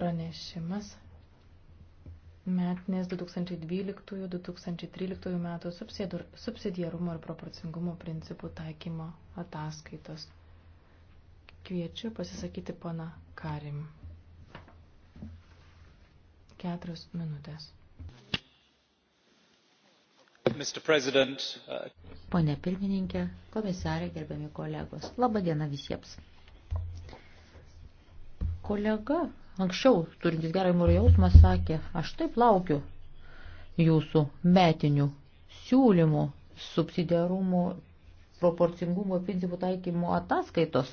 pranešimas metinės 2012-2013 metų subsidiarumo ir proporcingumo principų taikymo ataskaitos. Kviečiu pasisakyti pana Karim. Keturios minutės. Uh, Pone pirmininkė, komisarė, gerbiami kolegos. Labą dieną visiems. Kolega anksčiau turintis gerą humoro jausmą sakė, aš taip laukiu jūsų metinių siūlymų subsidiarumo proporcingumo principų taikymo ataskaitos.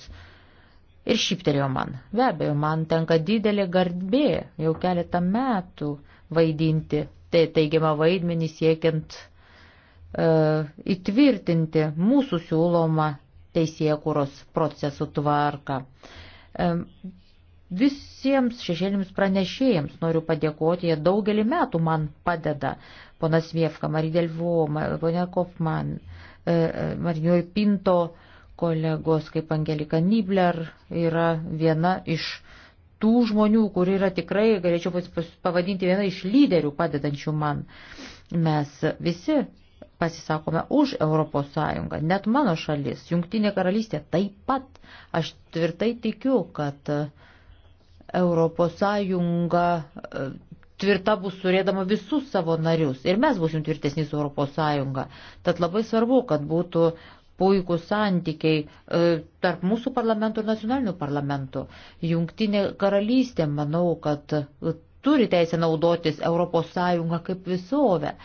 Ir šypterėjo man. Be abejo, man tenka didelė garbė jau keletą metų vaidinti tai teigiamą vaidmenį siekiant uh, įtvirtinti mūsų siūlomą teisėkūros procesų tvarką. Um, Visiems šešėlėms pranešėjams noriu padėkoti, jie daugelį metų man padeda. Ponas Vievka, Maridelvo, ponia Kofman, e, e, Marinoj Pinto kolegos kaip Angelika Nibler yra viena iš tų žmonių, kur yra tikrai, galėčiau pavadinti viena iš lyderių padedančių man. Mes visi pasisakome už Europos Sąjungą, net mano šalis, Junktinė karalystė taip pat. Aš tvirtai tikiu, kad uh, Europos Sąjunga e, tvirta bus turėdama visus savo narius ir mes busim tvirtesni su Europos Sąjunga. Tad labai svarbu, kad būtų puikūs santykiai e, tarp mūsų parlamentų ir nacionalinių parlamentų. Jungtinė karalystė, manau, kad e, turi teisę naudotis Europos Sąjunga kaip visovę.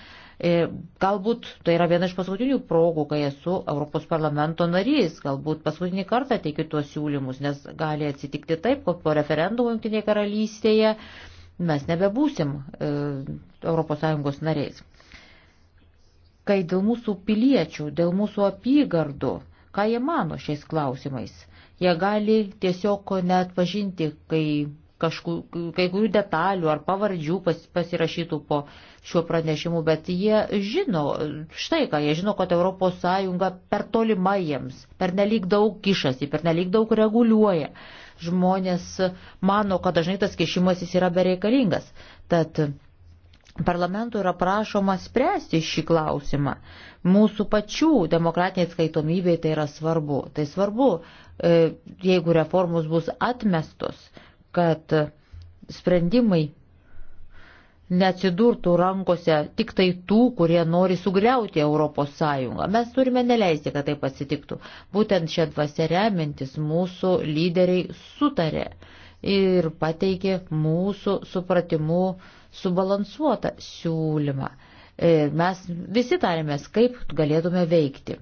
E, galbūt tai yra viena iš paskutinių progų, kai esu Europos parlamento narys, galbūt paskutinį kartą teikiu tuos siūlymus, nes gali atsitikti taip, kad po referendumo Junktinėje karalystėje mes nebebūsim ES nariais. Kai dėl mūsų piliečių, dėl mūsų apygardų, ką jie mano šiais klausimais, jie gali tiesiog net pažinti, kai kažkų, kai kurių detalių ar pavardžių pas, pasirašytų po šiuo pranešimu, bet jie žino, štai ką, jie žino, kad ES per tolima jiems, per nelik daug kišasi, per nelik daug reguliuoja. Žmonės mano, kad dažnai tas kišimasis yra bereikalingas. Tad parlamentų yra prašoma spręsti šį klausimą. Mūsų pačių demokratinė atskaitomybė tai yra svarbu. Tai svarbu, e, jeigu reformos bus atmestos, kad sprendimai neatsidurtų rankose tik tai tų, kurie nori sugriauti Europos Sąjungą. Mes turime neleisti, kad tai pasitiktų. Būtent šią dvasę remintis mūsų lyderiai sutarė ir pateikė mūsų supratimu subalansuotą siūlymą. E, mes visi tarėmės, kaip galėtume veikti.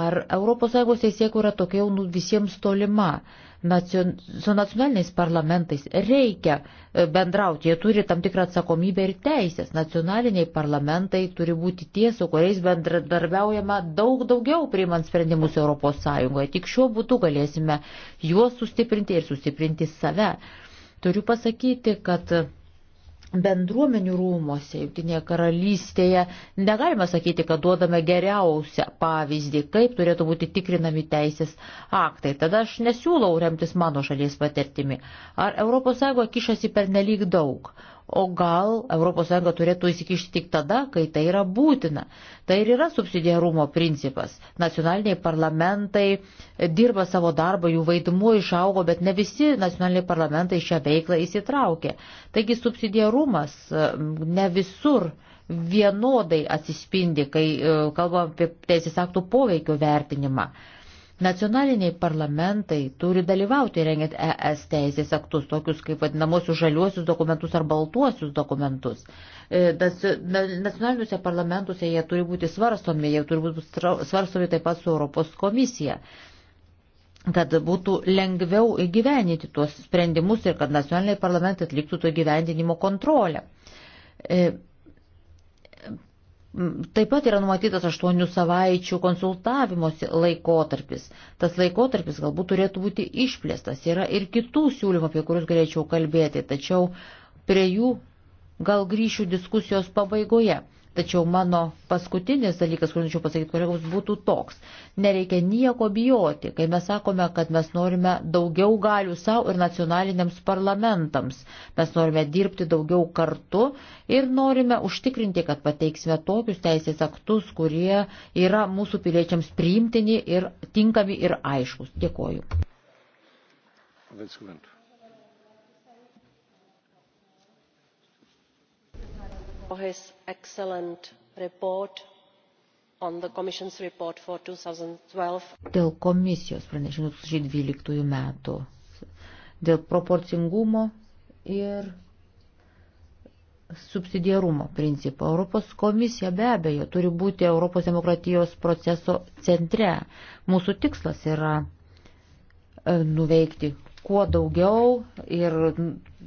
Ar ES teisėkų yra tokia jau nu, visiems tolima? Nacion, su nacionaliniais parlamentais reikia e, bendrauti, jie turi tam tikrą atsakomybę ir teisės. Nacionaliniai parlamentai turi būti tie, su kuriais bendradarbiaujama daug daugiau priimant sprendimus ES. Tik šiuo būdu galėsime juos sustiprinti ir sustiprinti save. Turiu pasakyti, kad bendruomenių rūmose, Junktinėje karalystėje negalime sakyti, kad duodame geriausią pavyzdį, kaip turėtų būti tikrinami teisės aktai. Tada aš nesiūlau remtis mano šalies patirtimi. Ar ES kišasi per nelik daug? o gal ES turėtų įsikišti tik tada, kai tai yra būtina. Tai ir yra subsidiarumo principas. Nacionaliniai parlamentai dirba savo darbą, jų vaidmuo išaugo, bet ne visi nacionaliniai parlamentai šią veiklą įsitraukė. Taigi subsidiarumas e, ne visur vienodai atsispindi, kai e, kalbam apie teisės aktų poveikio vertinimą. Nacionaliniai parlamentai turi dalyvauti rengiant ES teisės aktus, tokius kaip vadinamosius žaliuosius dokumentus ar baltuosius dokumentus. E, nacionaliniuose parlamentuose jie turi būti svarstomi, jie turi būti svarstomi taip pat su Europos komisija kad būtų lengviau įgyveninti tuos sprendimus ir kad nacionaliniai parlamentai atliktų to gyvendinimo kontrolę. E, Taip pat yra numatytas aštuonių savaičių konsultavimosi laikotarpis. Tas laikotarpis galbūt turėtų būti išplėstas. Yra ir kitų siūlymų, apie kuriuos galėčiau kalbėti, tačiau prie jų gal grįšiu diskusijos pabaigoje. Tačiau mano paskutinis dalykas, kurį norėčiau pasakyti kolegoms, būtų toks. Nereikia nieko bijoti, kai mes sakome, kad mes norime daugiau galių savo ir nacionaliniams parlamentams. Mes norime dirbti daugiau kartu ir norime užtikrinti, kad pateiksime tokius teisės aktus, kurie yra mūsų piliečiams priimtini ir tinkami ir aiškus. Dėkoju. That's good. for his excellent report on the Commission's report for 2012. Dėl komisijos pranešimų 2012 metų, dėl proporcingumo ir subsidiarumo principo. Europos komisija be abejo turi būti Europos demokratijos proceso centre. Mūsų tikslas yra e, nuveikti kuo daugiau ir,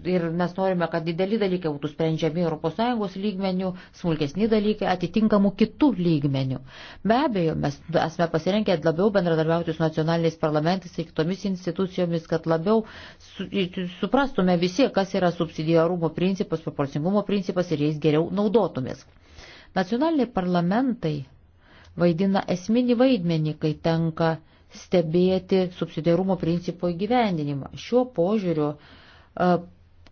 ir mes norime, kad dideli dalykai būtų sprendžiami ES lygmenių, smulkesni dalykai atitinkamų kitų lygmenių. Be abejo, mes esame pasirenkę labiau bendradarbiauti su nacionaliniais parlamentais ir kitomis institucijomis, kad labiau su, suprastume visi, kas yra subsidijarumo principas, proporcingumo principas ir jais geriau naudotumės. Nacionaliniai parlamentai vaidina esminį vaidmenį, kai tenka stebėti subsidiarumo principo įgyvendinimą. Šiuo požiūriu e,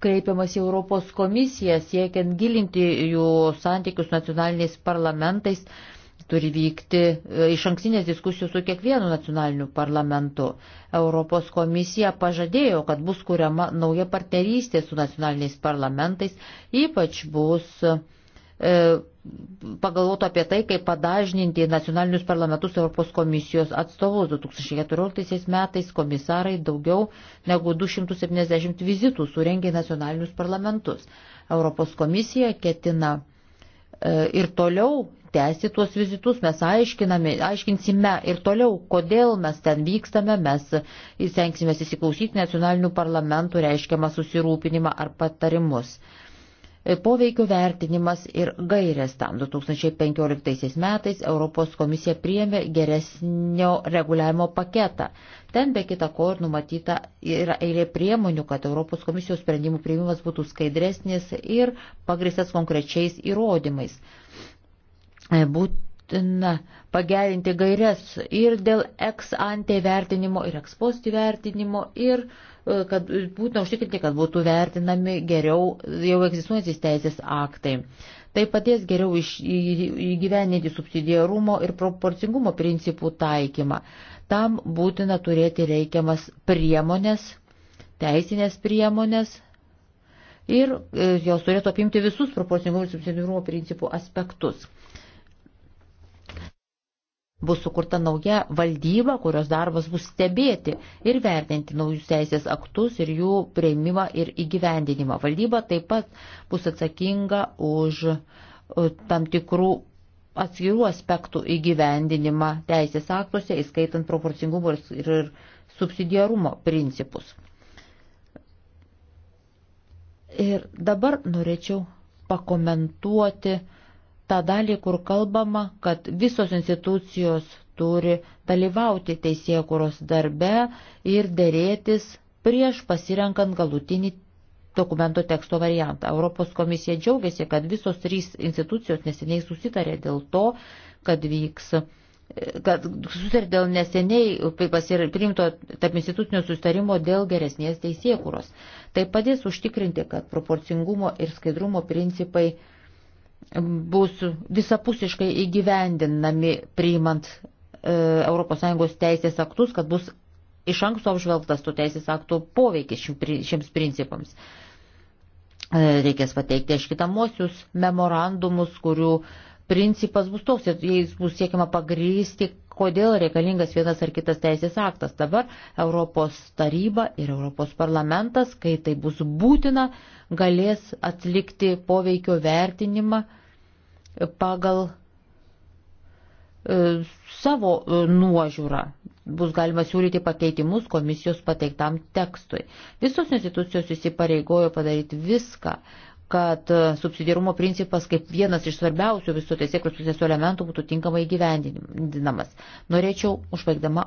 kreipiamas į Europos komisiją, siekiant gilinti jų santykius nacionaliniais parlamentais, turi vykti e, iš anksinės diskusijos su kiekvienu nacionaliniu parlamentu. Europos komisija pažadėjo, kad bus kuriama nauja partnerystė su nacionaliniais parlamentais, ypač bus e, pagalvotų apie tai, kaip padažninti nacionalinius parlamentus Europos komisijos atstovus. 2014 metais komisarai daugiau negu 270 vizitų surengė nacionalinius parlamentus. Europos komisija ketina e, ir toliau tęsti tuos vizitus, mes aiškinsime ir toliau, kodėl mes ten vykstame, mes įsengsime įsiklausyti nacionalinių parlamentų reiškiamą susirūpinimą ar patarimus. E, E, poveikio vertinimas ir gairės tam. 2015 metais Europos komisija priėmė geresnio reguliavimo paketą. Ten be kita ko ir numatyta yra eilė priemonių, kad Europos komisijos sprendimų priėmimas būtų skaidresnis ir pagristas konkrečiais įrodymais. E, būt būtina pagerinti gairias ir dėl ex ante vertinimo, ir ex post vertinimo, ir e, kad būtina užtikrinti, kad būtų vertinami geriau jau egzistuojantis teisės aktai. Tai padės geriau iš, įgyveninti subsidiarumo ir proporcingumo principų taikymą. Tam būtina turėti reikiamas priemonės, teisinės priemonės, ir e, jos turėtų apimti visus proporcingumo ir subsidiarumo principų aspektus. Bus sukurta nauja valdyba, kurios darbas bus stebėti ir vertinti naujus teisės aktus ir jų prieimimą ir įgyvendinimą. Valdyba taip pat bus atsakinga už uh, tam tikrų atskirų aspektų įgyvendinimą teisės aktuose, įskaitant proporcingumo ir, ir subsidiarumo principus. Ir dabar norėčiau pakomentuoti uh, tą dalį, kur kalbama, kad visos institucijos turi dalyvauti teisėkuros darbe ir dėrėtis prieš pasirenkant galutinį dokumento teksto variantą. Europos komisija džiaugiasi, kad visos trys institucijos neseniai susitarė dėl to, kad vyks kad susitarė dėl neseniai pasirinkto tarp institucinio sustarimo dėl geresnės teisėkuros. Tai padės užtikrinti, kad proporcingumo ir skaidrumo principai bus visapusiškai įgyvendinami priimant ES teisės aktus, kad bus iš anksto apžvelgtas tų teisės aktų poveikis šiems principams. E, reikės pateikti aiškitamosius memorandumus, kurių principas bus toks, jais bus siekiama pagrysti, kodėl reikalingas vienas ar kitas teisės aktas. Dabar Europos taryba ir Europos parlamentas, kai tai bus būtina, galės atlikti poveikio vertinimą pagal e, savo nuožiūrą. Bus galima siūlyti pakeitimus komisijos pateiktam tekstui. Visos institucijos įsipareigojo padaryti viską, kad e, subsidiarumo principas kaip vienas iš svarbiausių visų teisėkros proceso elementų būtų tinkamai gyvendinamas. Norėčiau užbaigdama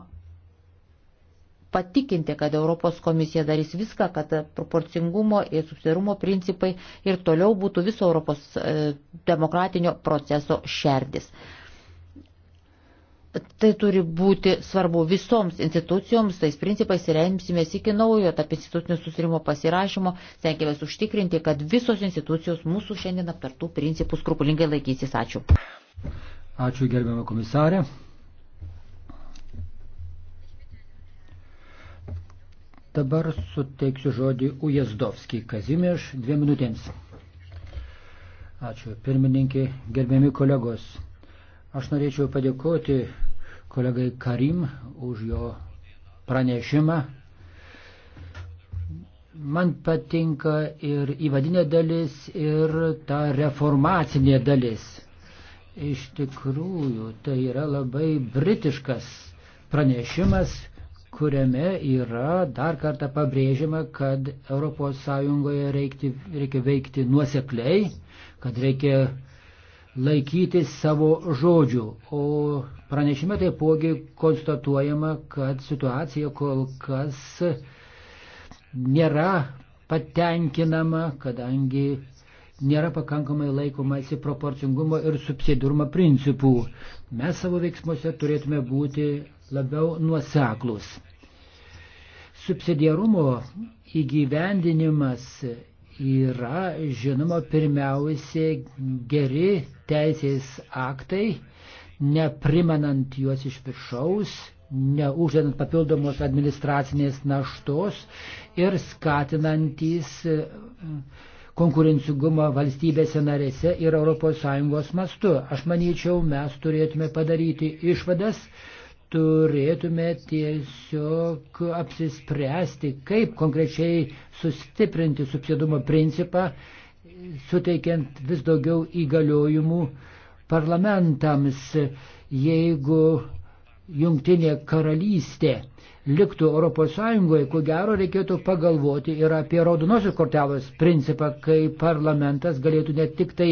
patikinti, kad Europos komisija darys viską, kad proporcingumo ir subsidiarumo principai ir toliau būtų viso Europos e, demokratinio proceso šerdis. Tai turi būti svarbu visoms institucijoms, tais principais remsimės iki naujo tarp institucinio susirimo pasirašymo, stengiamės užtikrinti, kad visos institucijos mūsų šiandien aptartų principų skrupulingai laikysis. Ačiū. Ačiū gerbiamą komisarę. Dabar suteiksiu žodį Ujazdovskį Kazimierš dviem minutėms. Ačiū pirmininkė, gerbiami kolegos. Aš norėčiau padėkoti kolegai Karim už jo pranešimą. Man patinka ir įvadinė dalis, ir ta reformacinė dalis. Iš tikrųjų, tai yra labai britiškas pranešimas, kuriame yra dar kartą pabrėžiama, kad ES reikia veikti nuosekliai, kad reikia laikytis savo žodžių. O pranešime taipogi konstatuojama, kad situacija kol kas nėra patenkinama, kadangi nėra pakankamai laikomasi proporcingumo ir subsidirumo principų. Mes savo veiksmuose turėtume būti labiau nuoseklus. Subsidiarumo įgyvendinimas yra, žinoma, pirmiausia geri teisės aktai, neprimenant juos iš viršaus, neuždedant papildomos administracinės naštos ir skatinantis e, konkurencingumą valstybėse narėse ir ES mastu. Aš manyčiau, mes turėtume padaryti išvadas, turėtume tiesiog apsispręsti, kaip konkrečiai sustiprinti subsidumo principą suteikiant vis daugiau įgaliojimų parlamentams, jeigu jungtinė karalystė liktų ES, ko gero reikėtų pagalvoti ir apie raudonosios kortelės principą, kai parlamentas galėtų ne tik tai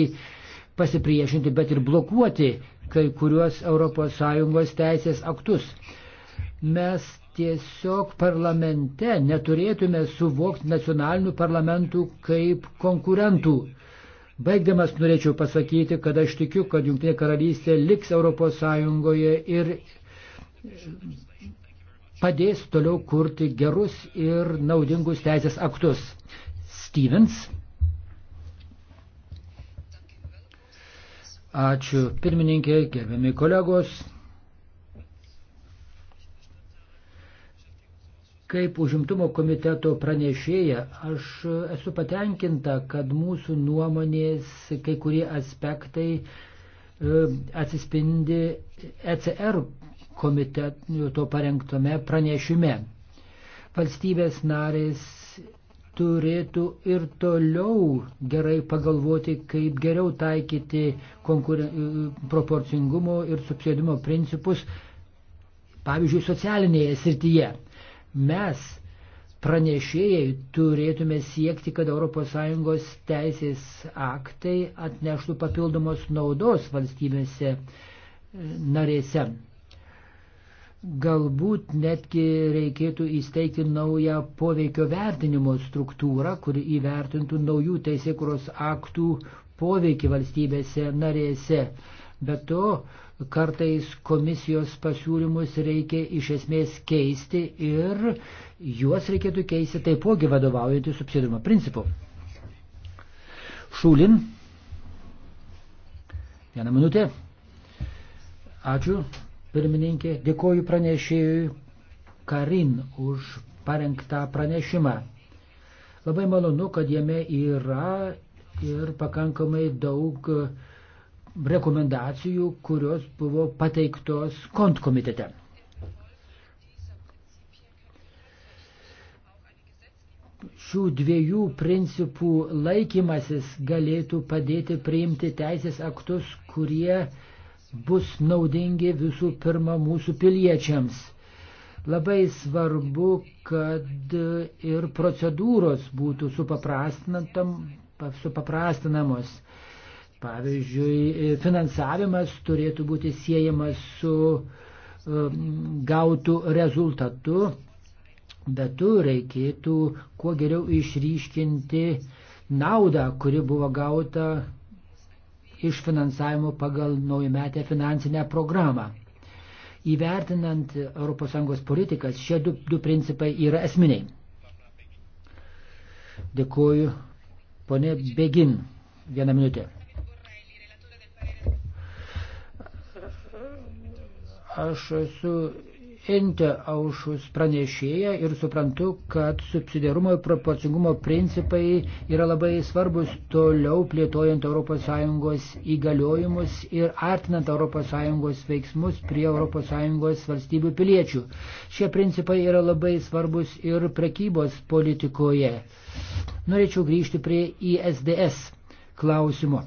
pasipriešinti, bet ir blokuoti kai kuriuos ES teisės aktus. Mes tiesiog parlamente neturėtume suvokti nacionalinių parlamentų kaip konkurentų. Baigdamas norėčiau pasakyti, kad aš tikiu, kad Junktinė karalystė liks ES ir padės toliau kurti gerus ir naudingus teisės aktus. Stevens. Ačiū pirmininkė, gerbiami kolegos. Kaip užimtumo komiteto pranešėja, aš esu patenkinta, kad mūsų nuomonės kai kurie aspektai e, atsispindi ECR komiteto parengtame pranešime. Valstybės narės turėtų ir toliau gerai pagalvoti, kaip geriau taikyti konkuren... E, proporcingumo ir subsidumo principus, pavyzdžiui, socialinėje srityje mes pranešėjai turėtume siekti, kad ES teisės aktai atneštų papildomos naudos valstybėse e, narėse. Galbūt netgi reikėtų įsteigti naują poveikio vertinimo struktūrą, kuri įvertintų naujų teisėkuros aktų poveikį valstybėse narėse. Bet to kartais komisijos pasiūlymus reikia iš esmės keisti ir juos reikėtų keisti taipogi vadovaujantį subsidijumo principu. Šūlin. Vieną minutę. Ačiū, pirmininkė. Dėkoju pranešėjui Karin už parengtą pranešimą. Labai malonu, kad jame yra ir pakankamai daug uh, rekomendacijų, kurios buvo pateiktos kontkomitete. Šių dviejų principų laikymasis galėtų padėti priimti teisės aktus, kurie bus naudingi visų pirma mūsų piliečiams. Labai svarbu, kad ir procedūros būtų supaprastinamos Pavyzdžiui, e, finansavimas turėtų būti siejamas su e, gautų rezultatu, bet tu reikėtų kuo geriau išryškinti naudą, kuri buvo gauta iš finansavimo pagal naujametę finansinę programą. Įvertinant ES politikas, šie du, du principai yra esminiai. Dėkuoju, ponė Begin, vieną minutę. Aš esu Inte aušus pranešėja ir suprantu, kad subsidiarumo ir proporcingumo principai yra labai svarbus toliau plėtojant ES įgaliojimus ir artinant ES veiksmus prie ES valstybių piliečių. Šie principai yra labai svarbus ir prekybos politikoje. Norėčiau grįžti prie ISDS klausimo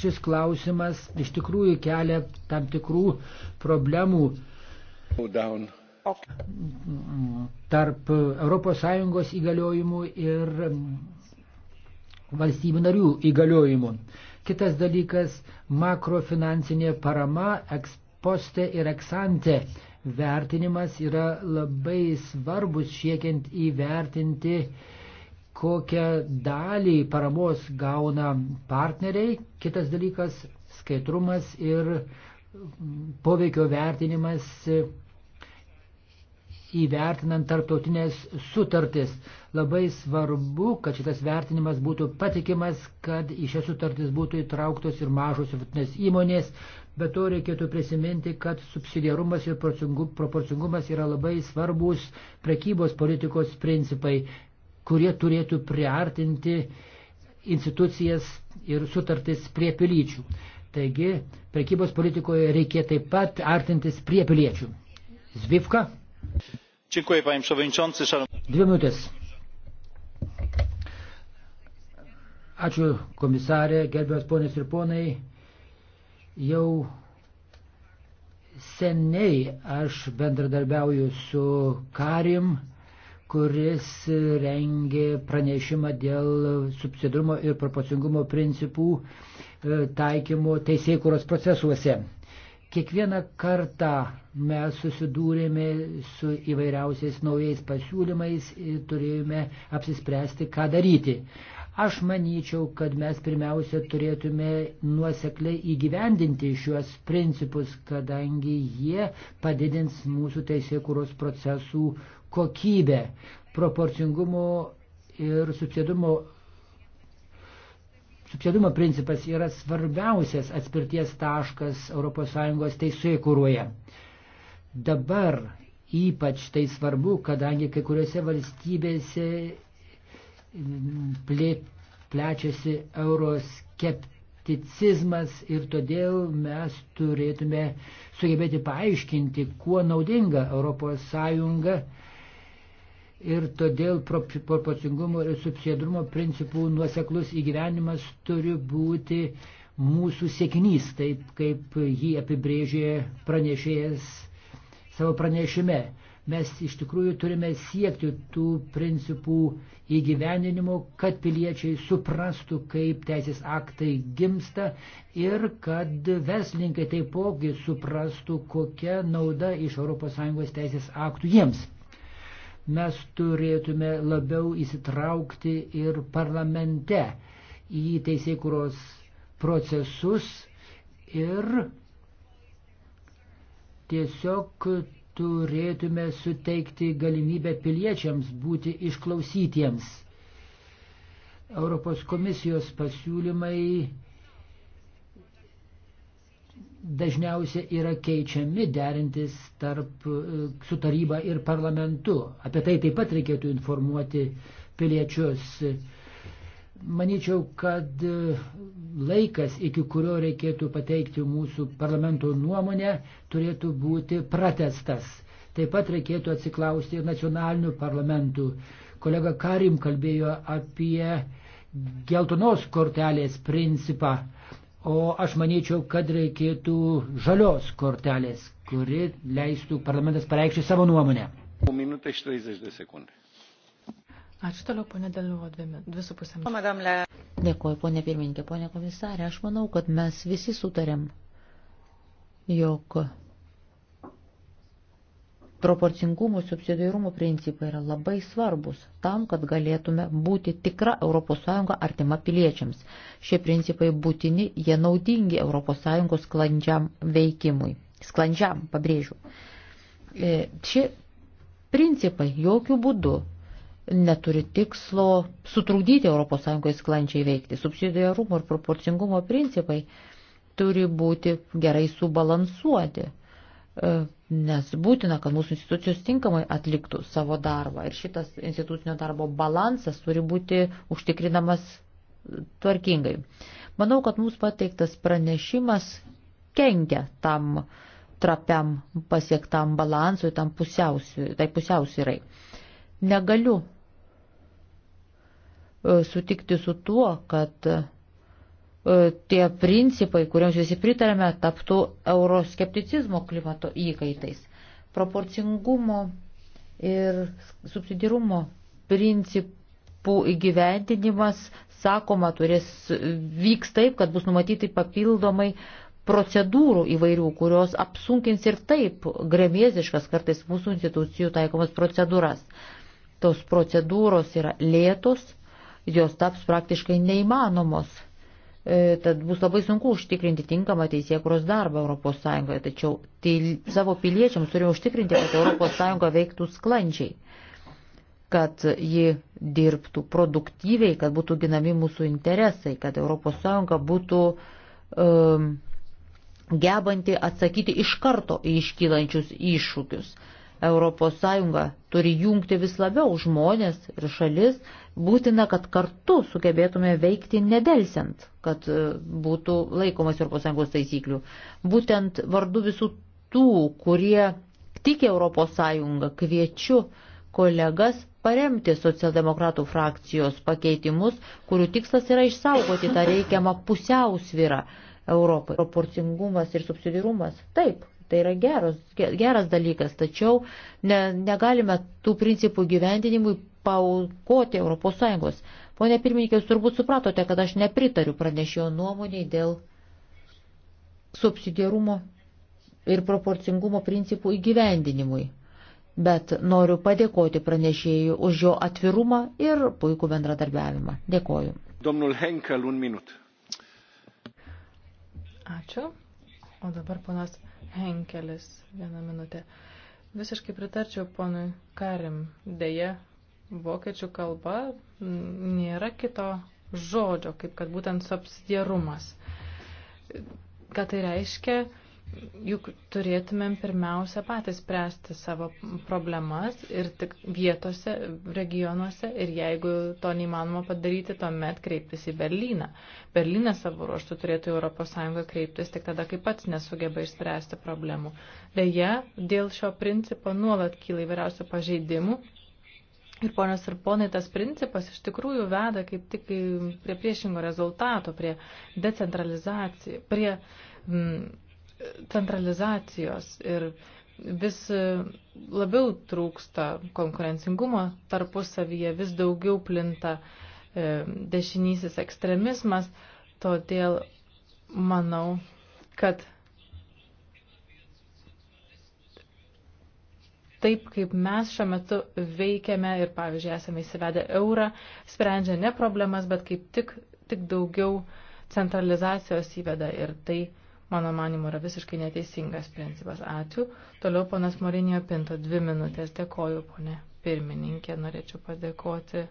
šis klausimas iš tikrųjų kelia tam tikrų problemų tarp ES įgaliojimų ir valstybių narių įgaliojimų. Kitas dalykas - makrofinansinė parama, ekspostė ir eksantė vertinimas yra labai svarbus siekiant įvertinti uh, kokią dalį paramos gauna partneriai. Kitas dalykas - skaidrumas ir poveikio vertinimas įvertinant tarptautinės sutartis. Labai svarbu, kad šitas vertinimas būtų patikimas, kad į šias sutartis būtų įtrauktos ir mažos ir vidutinės įmonės, bet to reikėtų prisiminti, kad subsidiarumas ir proporcingumas yra labai svarbus prekybos politikos principai kurie turėtų priartinti institucijas ir sutartis prie piliečių. Taigi, prekybos politikoje reikia taip pat artintis prie piliečių. Zvivka. Dziękuję, panie przewodniczący. Szan... Dvi minutės. Ačiū komisarė, gerbiamas ponės ir ponai. Jau seniai aš bendradarbiauju su Karim kuris rengė pranešimą dėl subsidumo ir proporcingumo principų e, taikymo teisėkuros procesuose. Kiekvieną kartą mes susidūrėme su įvairiausiais naujais pasiūlymais ir turėjome apsispręsti, ką daryti. Aš manyčiau, kad mes pirmiausia turėtume nuosekliai įgyvendinti šiuos principus, kadangi jie padidins mūsų teisėkūros procesų uh, kokybę. Proporcingumo ir subsidumo, subsidumo principas yra svarbiausias atspirties taškas ES teisėjų kūruoje. Dabar ypač tai svarbu, kadangi kai kuriuose valstybėse mm, plečiasi euroskepticizmas ir todėl mes turėtume sugebėti paaiškinti, kuo naudinga ES ir todėl proporcingumo ir subsidiarumo principų nuoseklus įgyvenimas turi būti mūsų sėkinys, taip kaip jį apibrėžė pranešėjas savo pranešime. Mes iš tikrųjų turime siekti tų principų įgyveninimo, kad piliečiai suprastų, kaip teisės aktai gimsta ir kad verslininkai taipogi suprastų, kokia nauda iš ES teisės aktų jiems mes turėtume labiau įsitraukti ir parlamente į teisėkuros procesus ir tiesiog turėtume suteikti galimybę piliečiams būti išklausytiems. Europos komisijos pasiūlymai dažniausiai yra keičiami derintis tarp, e, su taryba ir parlamentu. Apie tai taip pat reikėtų informuoti piliečius. Manyčiau, kad e, laikas, iki kurio reikėtų pateikti mūsų parlamento nuomonę, turėtų būti pratestas. Taip pat reikėtų atsiklausti ir nacionalinių parlamentų. Kolega Karim kalbėjo apie geltonos kortelės principą O aš manyčiau, kad reikėtų žalios kortelės, kuri leistų parlamentas pareikšti savo nuomonę. Ačiū toliau, ponė Daliuvo, dvi su pusėm. Dėkuoju, ponė pirmininkė, ponė komisarė. Aš manau, kad mes visi sutarėm, jog Proporcingumų, subsidiarumų principai yra labai svarbus tam, kad galėtume būti tikra ES artima piliečiams. Šie principai būtini, jie naudingi ES sklandžiam veikimui. Sklandžiam, pabrėžiu. E, šie principai jokių būdų neturi tikslo sutrukdyti ES sklandžiai veikti. Subsidiarumo ir proporcingumo principai turi būti gerai subalansuoti E, nes būtina, kad mūsų institucijos tinkamai atliktų savo darbą ir šitas institucinio darbo balansas turi būti užtikrinamas tvarkingai. Manau, kad mūsų pateiktas pranešimas kenkia tam trapiam pasiektam balansui, tam pusiausvy, tai pusiausvyrai. Negaliu e, sutikti su tuo, kad E, tie principai, kuriems visi pritarėme, taptų euroskepticizmo klimato įkaitais. Proporcingumo ir subsidirumo principų įgyvendinimas, sakoma, turės vyks taip, kad bus numatyti papildomai procedūrų įvairių, kurios apsunkins ir taip gremėziškas kartais mūsų institucijų taikomas procedūras. Tos procedūros yra lėtos, jos taps praktiškai neįmanomos E, tad bus labai sunku užtikrinti tinkamą teisėkuros darbą ES. Tačiau tai savo piliečiams turime užtikrinti, kad ES veiktų sklandžiai, kad ji dirbtų produktyviai, kad būtų ginami mūsų interesai, kad ES būtų um, gebanti atsakyti iš karto į iškylančius iššūkius. ES turi jungti vis labiau žmonės ir šalis būtina, kad kartu sugebėtume veikti nedelsiant, kad e, būtų laikomas ES taisyklių. Būtent vardu visų tų, kurie tiki ES, kviečiu kolegas paremti socialdemokratų frakcijos pakeitimus, kurių tikslas yra išsaugoti tą reikiamą pusiausvyrą Europai. Proporcingumas ir subsidirumas. Taip, Tai yra geros, geras dalykas, tačiau ne, negalime tų principų gyvendinimui paukoti ES. Pone pirmininkė, jūs turbūt supratote, kad aš nepritariu pranešėjo nuomoniai dėl subsidiarumo ir proporcingumo principų įgyvendinimui. Bet noriu padėkoti pranešėjui už jo atvirumą ir puikų bendradarbiavimą. Dėkoju. Domnul Henkel, un minut. Ačiū. O dabar ponas Henkelis, vieną minutę. Visiškai pritarčiau ponui Karim. Deja, vokiečių kalba nėra kito žodžio, kaip kad būtent subsidiarumas. Ką tai reiškia? Juk turėtumėm pirmiausia patys spręsti savo problemas ir tik vietose, regionuose ir jeigu to neįmanoma padaryti, tuomet kreiptis į Berliną. Berlinas savo ruoštų turėtų Europos Sąjungą kreiptis tik tada, kai pats nesugeba išspręsti problemų. Deja, dėl šio principo nuolat kyla įvairiausių pažeidimų Ir ponios ir ponai, tas principas iš tikrųjų veda kaip tik prie priešingo rezultato, prie decentralizacijos, prie mm, centralizacijos ir vis e, labiau trūksta konkurencingumo tarpusavyje, vis daugiau plinta e, dešinysis ekstremizmas, todėl manau, kad taip, kaip mes šiuo metu veikiame ir, pavyzdžiui, esame įsivedę eurą, sprendžia ne problemas, bet kaip tik, tik daugiau centralizacijos įveda ir tai, mano manimu, yra visiškai neteisingas principas. Ačiū. Toliau ponas Morinio Pinto, dvi minutės. Dėkoju, ponė pirmininkė. Norėčiau padėkoti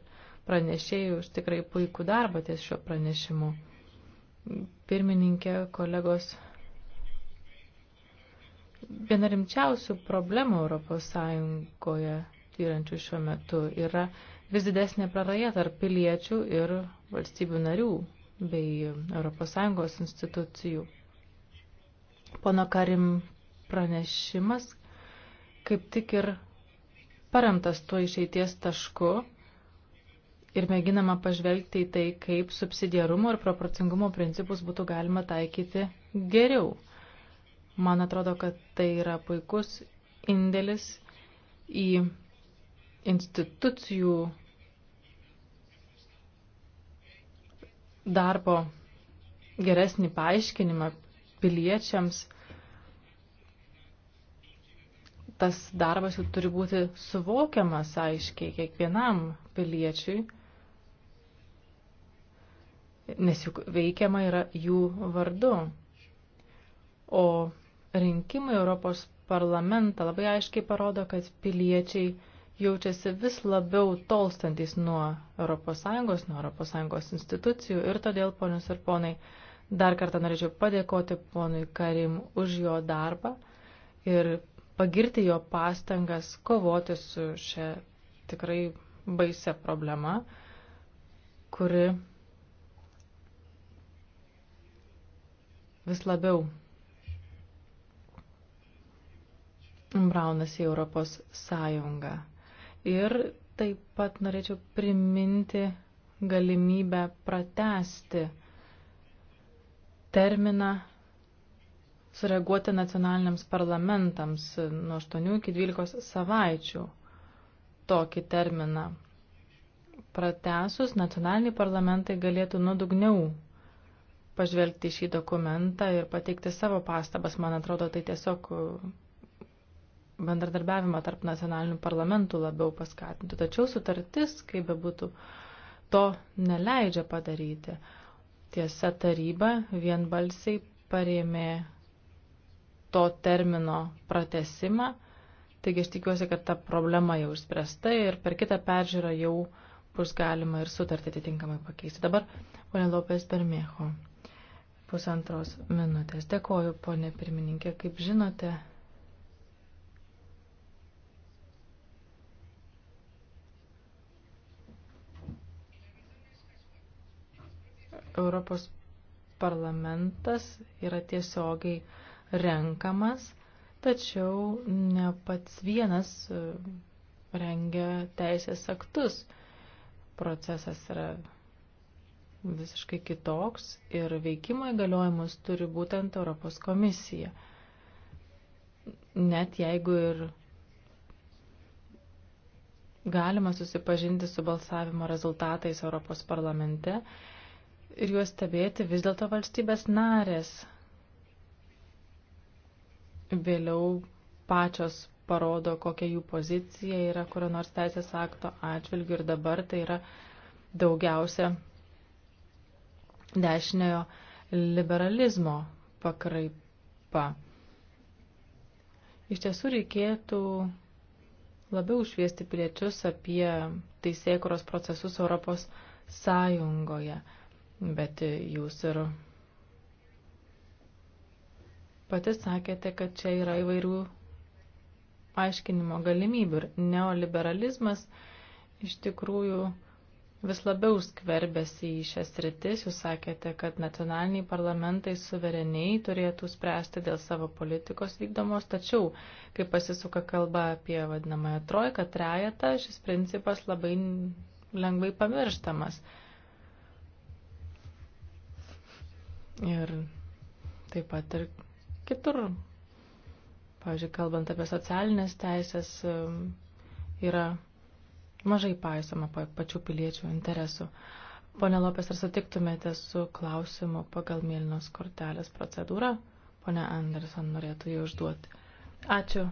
pranešėjų už tikrai puikų darbą ties šio pranešimu. Pirmininkė, kolegos viena rimčiausių problemų Europos Sąjungoje tyrančių šiuo metu yra vis didesnė praraja tarp piliečių ir valstybių narių bei Europos Sąjungos institucijų. Pono Karim pranešimas kaip tik ir paremtas tuo išeities tašku ir mėginama pažvelgti į tai, kaip subsidiarumo ir proporcingumo principus būtų galima taikyti geriau. Man atrodo, kad tai yra puikus indėlis į institucijų darbo geresnį paaiškinimą piliečiams. Tas darbas jau turi būti suvokiamas aiškiai kiekvienam piliečiui, nes juk veikiama yra jų vardu. O rinkimai Europos parlamentą labai aiškiai parodo, kad piliečiai jaučiasi vis labiau tolstantis nuo ES, nuo ES institucijų ir todėl, ponios ir ponai, dar kartą norėčiau padėkoti ponui Karim už jo darbą ir pagirti jo pastangas kovoti su šia tikrai baise problema, kuri vis labiau braunasi į Europos Sąjungą. Ir taip pat norėčiau priminti galimybę pratesti terminą sureaguoti nacionaliniams parlamentams nuo 8 iki 12 savaičių tokį terminą. Pratesus, nacionaliniai parlamentai galėtų nuodugniau pažvelgti šį dokumentą ir pateikti savo pastabas. Man atrodo, tai tiesiog bendradarbiavimą tarp nacionalinių parlamentų labiau paskatinti. Tačiau sutartis, kaip bebūtų, to neleidžia padaryti. Tiesa, taryba vienbalsiai parėmė to termino pratesimą, taigi aš tikiuosi, kad ta problema jau išspręsta ir per kitą peržiūrą jau bus galima ir sutartį atitinkamai pakeisti. Dabar ponė Lopės Bermėcho pusantros minutės. Dėkoju, ponė pirmininkė, kaip žinote. Europos parlamentas yra tiesiogiai renkamas, tačiau ne pats vienas e, rengia teisės aktus. Procesas yra visiškai kitoks ir veikimo įgaliojimus turi būtent Europos komisija. Net jeigu ir galima susipažinti su balsavimo rezultatais Europos parlamente, ir juos stebėti vis dėlto valstybės narės. Vėliau pačios parodo, kokia jų pozicija yra kurio nors teisės akto atžvilgiu ir dabar tai yra daugiausia dešiniojo liberalizmo pakraipa. Iš tiesų reikėtų labiau šviesti piliečius apie teisėkuros procesus Europos Sąjungoje bet jūs ir pati sakėte, kad čia yra įvairių aiškinimo galimybių ir neoliberalizmas iš tikrųjų vis labiau skverbėsi į šias rytis. Jūs sakėte, kad nacionaliniai parlamentai suvereniai turėtų spręsti dėl savo politikos vykdomos, tačiau, kai pasisuka kalba apie vadinamąją trojką, trejetą, šis principas labai lengvai pamirštamas. Ir taip pat ir kitur. Pavyzdžiui, kalbant apie socialinės teisės, e, yra mažai paisoma pačių piliečių interesų. Pone Lopės, ar sutiktumėte su klausimu pagal mėlynos kortelės procedūrą? Pone Anderson norėtų jį užduoti. Ačiū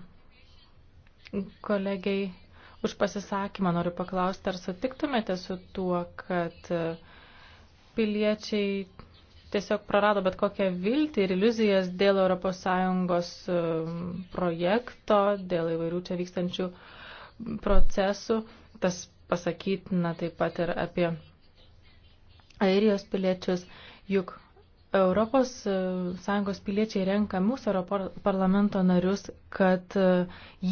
kolegiai už pasisakymą. Noriu paklausti, ar sutiktumėte su tuo, kad e, piliečiai tiesiog prarado bet kokią viltį ir iliuzijas dėl ES e, projekto, dėl įvairių čia vykstančių procesų. Tas pasakytina taip pat ir apie airijos piliečius, juk Europos Sąjungos piliečiai renka mūsų Europos parlamento narius, kad e,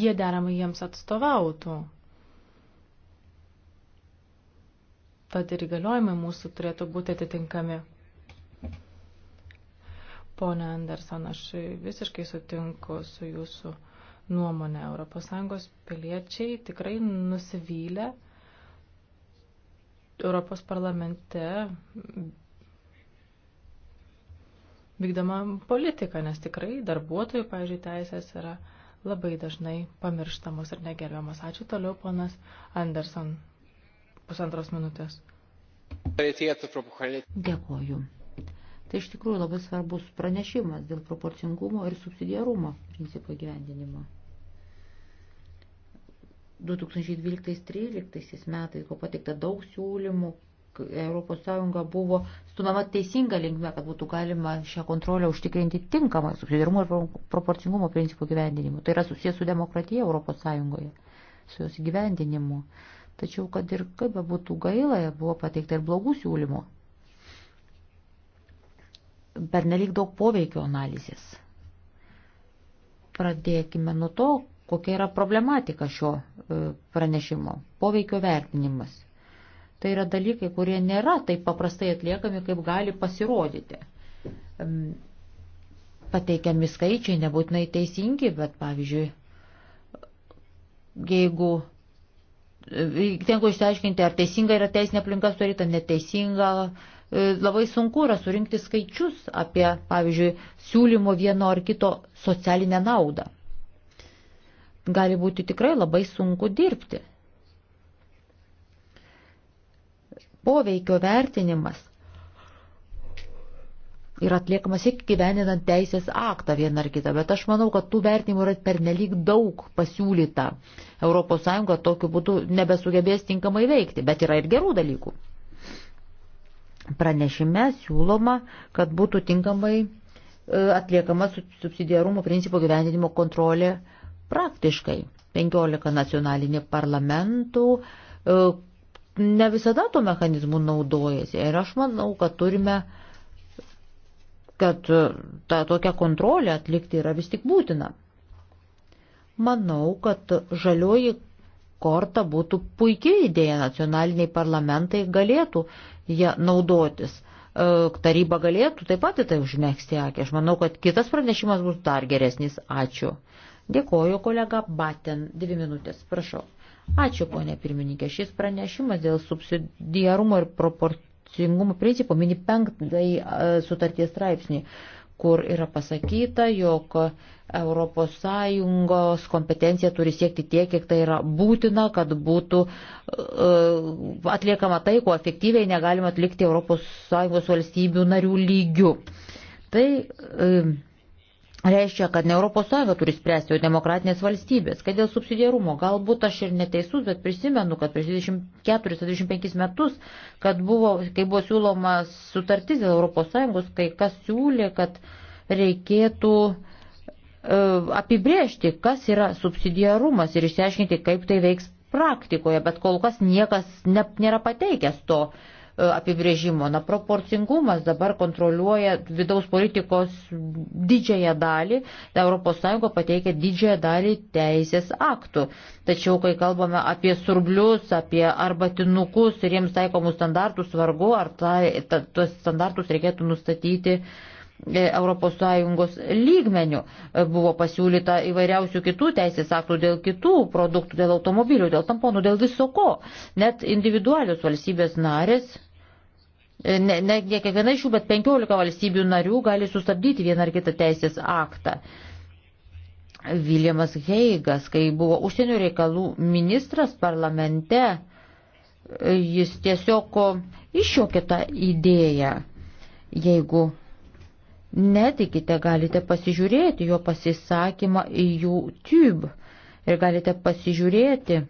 jie deramai jiems atstovautų. Tad ir įgaliojimai mūsų turėtų būti atitinkami. Pone Anderson, aš visiškai sutinku su jūsų nuomonė. ES piliečiai tikrai nusivylę Europos parlamente vykdama politika, nes tikrai darbuotojų, pavyzdžiui, teisės yra labai dažnai pamirštamos ir negerbiamos. Ačiū toliau, ponas Anderson. Pusantros minutės. Dėkuoju. Tai iš tikrųjų labai svarbus pranešimas dėl proporcingumo ir subsidiarumo principo gyvendinimo. 2012-2013 metais buvo pateikta daug siūlymų, ES buvo stumama teisinga linkme, kad būtų galima šią kontrolę užtikrinti tinkamą subsidiarumo ir proporcingumo principų gyvendinimu. Tai yra susijęs su demokratija ES, su jos gyvendinimu. Tačiau, kad ir kaip būtų gaila, buvo pateikta ir blogų siūlymų per nelik daug poveikio analizės. Pradėkime nuo to, kokia yra problematika šio e, pranešimo - poveikio vertinimas. Tai yra dalykai, kurie nėra taip paprastai atliekami, kaip gali pasirodyti. Pateikiami skaičiai nebūtinai teisingi, bet pavyzdžiui, jeigu e, tenko išsiaiškinti, ar teisinga yra teisinė aplinka sudaryta, neteisinga, E, labai sunku yra surinkti skaičius apie, pavyzdžiui, siūlymo vieno ar kito socialinę naudą. Gali būti tikrai labai sunku dirbti. Poveikio vertinimas yra atliekamas iki gyveninant teisės aktą vieną ar kitą, bet aš manau, kad tų vertinimų yra pernelyg daug pasiūlyta. ES tokiu būdu nebesugebės tinkamai veikti, bet yra ir gerų dalykų. Pranešime siūloma, kad būtų tinkamai e, atliekama subsidiarumo principo gyvendinimo kontrolė praktiškai. 15 nacionalinių parlamentų e, ne visada to mechanizmų naudojasi. Ir aš manau, kad turime, kad e, ta tokia kontrolė atlikti yra vis tik būtina. Manau, kad žalioji korta būtų puikiai idėja, nacionaliniai parlamentai galėtų ją naudotis. E, taryba galėtų taip pat į tai užmėgsti akį. Aš manau, kad kitas pranešimas bus dar geresnis. Ačiū. Dėkoju kolega Baten. Dvi minutės, prašau. Ačiū, ponė pirmininkė. Šis pranešimas dėl subsidiarumo ir proporcingumo principo mini penktąjį e, sutarties straipsnį kur yra pasakyta, jog ES kompetencija turi siekti tiek, kiek tai yra būtina, kad būtų e, atliekama tai, ko efektyviai negalima atlikti ES valstybių narių lygių. Tai e, reiškia, kad ne ES turi spręsti, o demokratinės valstybės, kad dėl subsidiarumo, galbūt aš ir neteisus, bet prisimenu, kad prieš 24-25 metus, kad buvo, kai buvo siūloma sutartis dėl ES, kai kas siūlė, kad reikėtų e, apibrėžti, kas yra subsidiarumas ir išsiaiškinti, kaip tai veiks praktikoje, bet kol kas niekas ne, nėra pateikęs to. E, E, apibrėžimo. Na, proporcingumas dabar kontroliuoja vidaus politikos didžiąją dalį, ES pateikia didžiąją dalį teisės aktų. Tačiau, kai kalbame apie surblius, apie arbatinukus ir jiems taikomus standartus, vargu, ar ta, ta, tuos standartus reikėtų nustatyti uh, ES lygmenių. E, buvo pasiūlyta įvairiausių kitų teisės aktų dėl kitų produktų, dėl automobilių, dėl tamponų, dėl viso ko. Net individualios valstybės narės, e, ne, ne, ne kiekviena iš jų, bet 15 valstybių narių gali sustabdyti vieną ar kitą teisės aktą. Viljamas Heigas, kai buvo užsienio reikalų ministras parlamente, e, jis tiesiog iššokė tą idėją, jeigu netikite, galite pasižiūrėti jo pasisakymą į YouTube ir galite pasižiūrėti,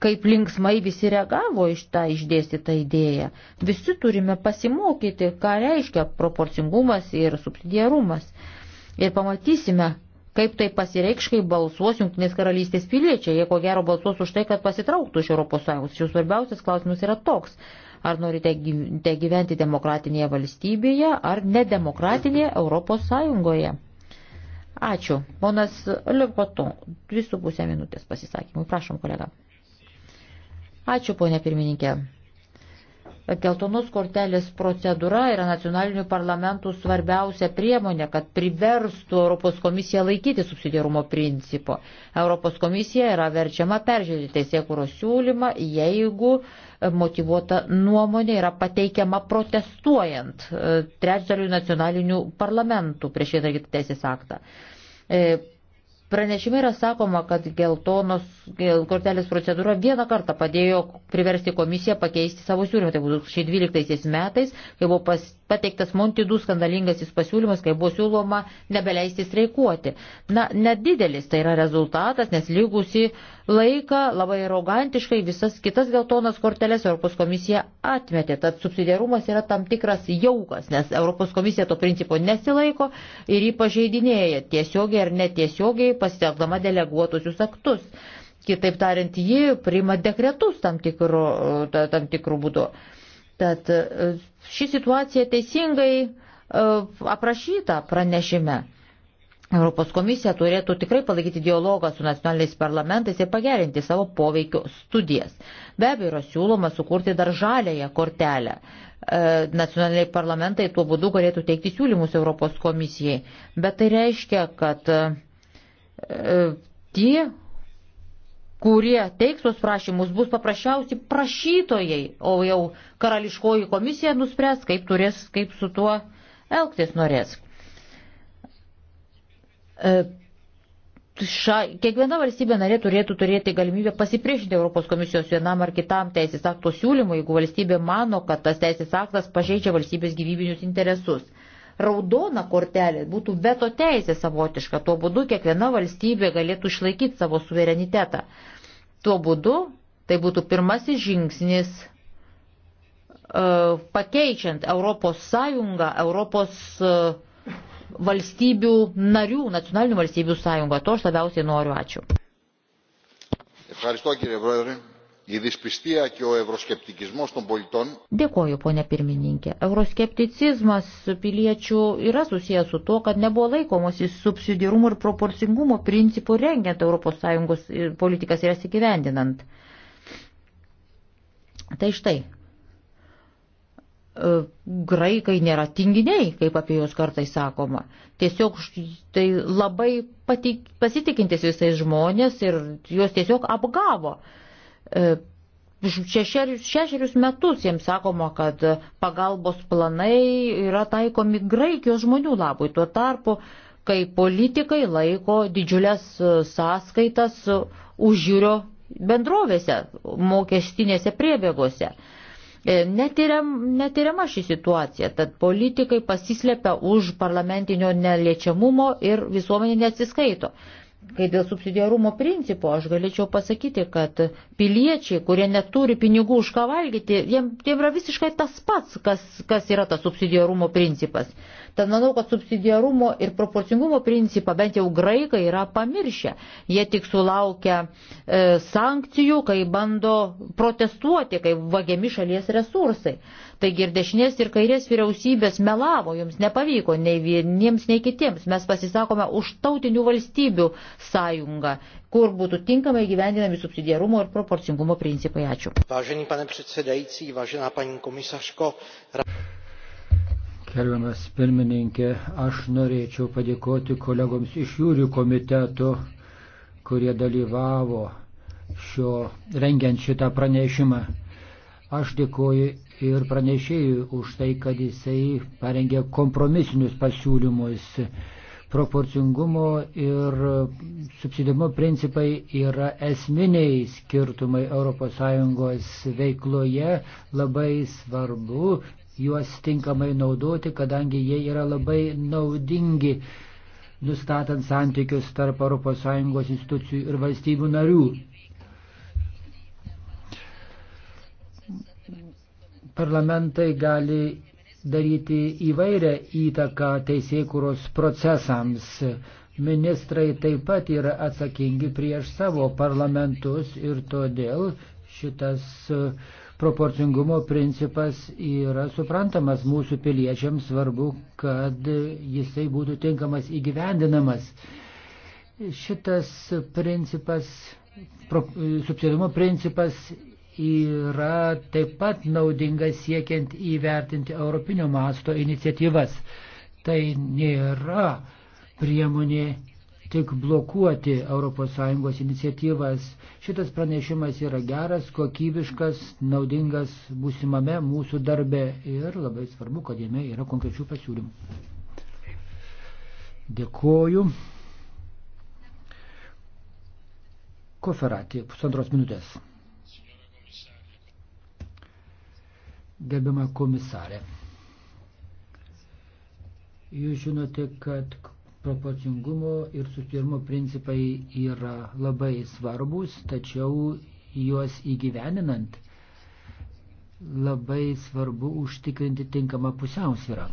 kaip linksmai visi reagavo iš tą išdėstytą idėją. Visi turime pasimokyti, ką reiškia proporcingumas ir subsidiarumas. Ir pamatysime, kaip tai pasireikš, kai balsuos Junktinės karalystės piliečiai. Jie ko gero balsuos už tai, kad pasitrauktų iš ES. Šių svarbiausias klausimas yra toks. Ar norite gyventi demokratinėje valstybėje ar nedemokratinėje ES? Ačiū. Ponas Liukoton, 2,5 minutės pasisakymui. Prašom, kolega. Ačiū, ponė pirmininkė. Keltonos kortelės procedūra yra nacionalinių parlamentų svarbiausia priemonė, kad priverstų Europos komisiją laikyti subsidiarumo principo. Europos komisija yra verčiama peržiūrėti teisėkūros siūlymą, jeigu e, motivuota nuomonė yra pateikiama protestuojant e, trečdalių nacionalinių parlamentų prieš įtarkitą teisės aktą e, Pranešime yra sakoma, kad geltonos kortelės procedūra vieną kartą padėjo priversti komisiją pakeisti savo siūlymą. Tai buvo 2012 metais, kai buvo pas, pateiktas Montidų skandalingasis pasiūlymas, kai buvo siūloma nebeleisti streikuoti. Na, nedidelis tai yra rezultatas, nes lygusi laiką labai arogantiškai visas kitas geltonas korteles Europos komisija atmetė. Tad subsidiarumas yra tam tikras jaukas, nes Europos komisija to principo nesilaiko ir jį pažeidinėja tiesiogiai ar netiesiogiai pasitelkdama deleguotusius aktus. Kitaip tariant, ji priima dekretus tam tikrų, tam tikrų būdų. Tad e, ši situacija teisingai e, aprašyta pranešime. Europos komisija turėtų tikrai palaikyti dialogą su nacionaliniais parlamentais ir pagerinti savo poveikio studijas. Be abejo, yra siūloma sukurti dar žalėją kortelę. E, nacionaliniai parlamentai tuo būdu galėtų teikti siūlymus Europos komisijai. Bet tai reiškia, kad e, tie kurie teiks tuos prašymus, bus paprasčiausi prašytojai, o jau karališkoji komisija nuspręs, kaip, turės, kaip su tuo elgtis norės. E, ša, kiekviena valstybė narė turėtų turėti galimybę pasipriešinti Europos komisijos vienam ar kitam teisės akto siūlymui, jeigu valstybė mano, kad tas teisės aktas pažeidžia valstybės gyvybinius interesus raudona kortelė būtų veto teisė savotiška. Tuo būdu kiekviena valstybė galėtų išlaikyti savo suverenitetą. Tuo būdu tai būtų pirmasis žingsnis e, pakeičiant Europos Sąjungą, Europos e, valstybių narių, nacionalinių valstybių sąjungą. To aš labiausiai noriu. Ačiū. Ευχαριστώ κύριε Πρόεδρε. Dėkoju, ponė pirmininkė. Euroskepticizmas piliečių yra susijęs su to, kad nebuvo laikomasi subsidirumo ir proporcingumo principų rengiant ES e, politikas ir jas įgyvendinant. Tai štai. E, graikai nėra tinginiai, kaip apie juos kartais sakoma. Tiesiog tai labai patik, pasitikintis visais žmonės ir juos tiesiog apgavo E, šešerius, šešerius metus jiems sakoma, kad pagalbos planai yra taikomi Graikijos žmonių labui. Tuo tarpu, kai politikai laiko didžiulės e, sąskaitas užjūrio bendrovėse, mokestinėse priebėgose. E, netiriam, netiriama ši situacija, tad politikai pasislepia už parlamentinio neliečiamumo ir visuomenė neatsiskaito. Kai dėl subsidiarumo principo aš galėčiau pasakyti, kad piliečiai, kurie neturi pinigų už ką valgyti, jiems jiem yra visiškai tas pats, kas, kas yra tas subsidiarumo principas. Tad manau, kad subsidiarumo ir proporcingumo principą bent jau graikai yra pamiršę. Jie tik sulaukia e, sankcijų, kai bando protestuoti, kai vagiami šalies resursai. Taigi ir dešinės, ir kairės vyriausybės melavo, jums nepavyko nei vieniems, nei kitiems. Mes pasisakome už tautinių valstybių sąjungą, kur būtų tinkamai gyvendinami subsidiarumo ir proporcingumo principai. Ačiū. Vážený pane předsedající, vážená paní komisařko. Gerbiamas pirmininkė, aš norėčiau padėkoti kolegoms iš jūrių komiteto, kurie dalyvavo šio, rengiant šitą pranešimą. Aš dėkoju ir pranešėjui už tai, kad jisai parengė kompromisinius pasiūlymus. Proporcingumo ir subsidiamo principai yra esminiai skirtumai ES veikloje. Labai svarbu juos tinkamai naudoti, kadangi jie yra labai naudingi nustatant santykius tarp ES institucijų ir valstybių narių. parlamentai gali daryti įvairią įtaką teisėkūros procesams. Ministrai taip pat yra atsakingi prieš savo parlamentus ir todėl šitas e, proporcingumo principas yra suprantamas mūsų piliečiams, svarbu, kad jisai būtų tinkamas įgyvendinamas. Šitas principas, e, subsidiarumo principas yra taip pat naudinga siekiant įvertinti europinio masto iniciatyvas. Tai nėra priemonė tik blokuoti ES iniciatyvas. Šitas pranešimas yra geras, kokybiškas, naudingas būsimame mūsų darbe ir labai svarbu, kad jame yra konkrečių pasiūlymų. Dėkoju. Koferatė, pusantros minutės. Gerbiama komisarė, jūs žinote, kad proporcingumo ir susitarimo principai yra labai svarbus, tačiau juos įgyveninant labai svarbu užtikrinti tinkamą pusiausvyrą.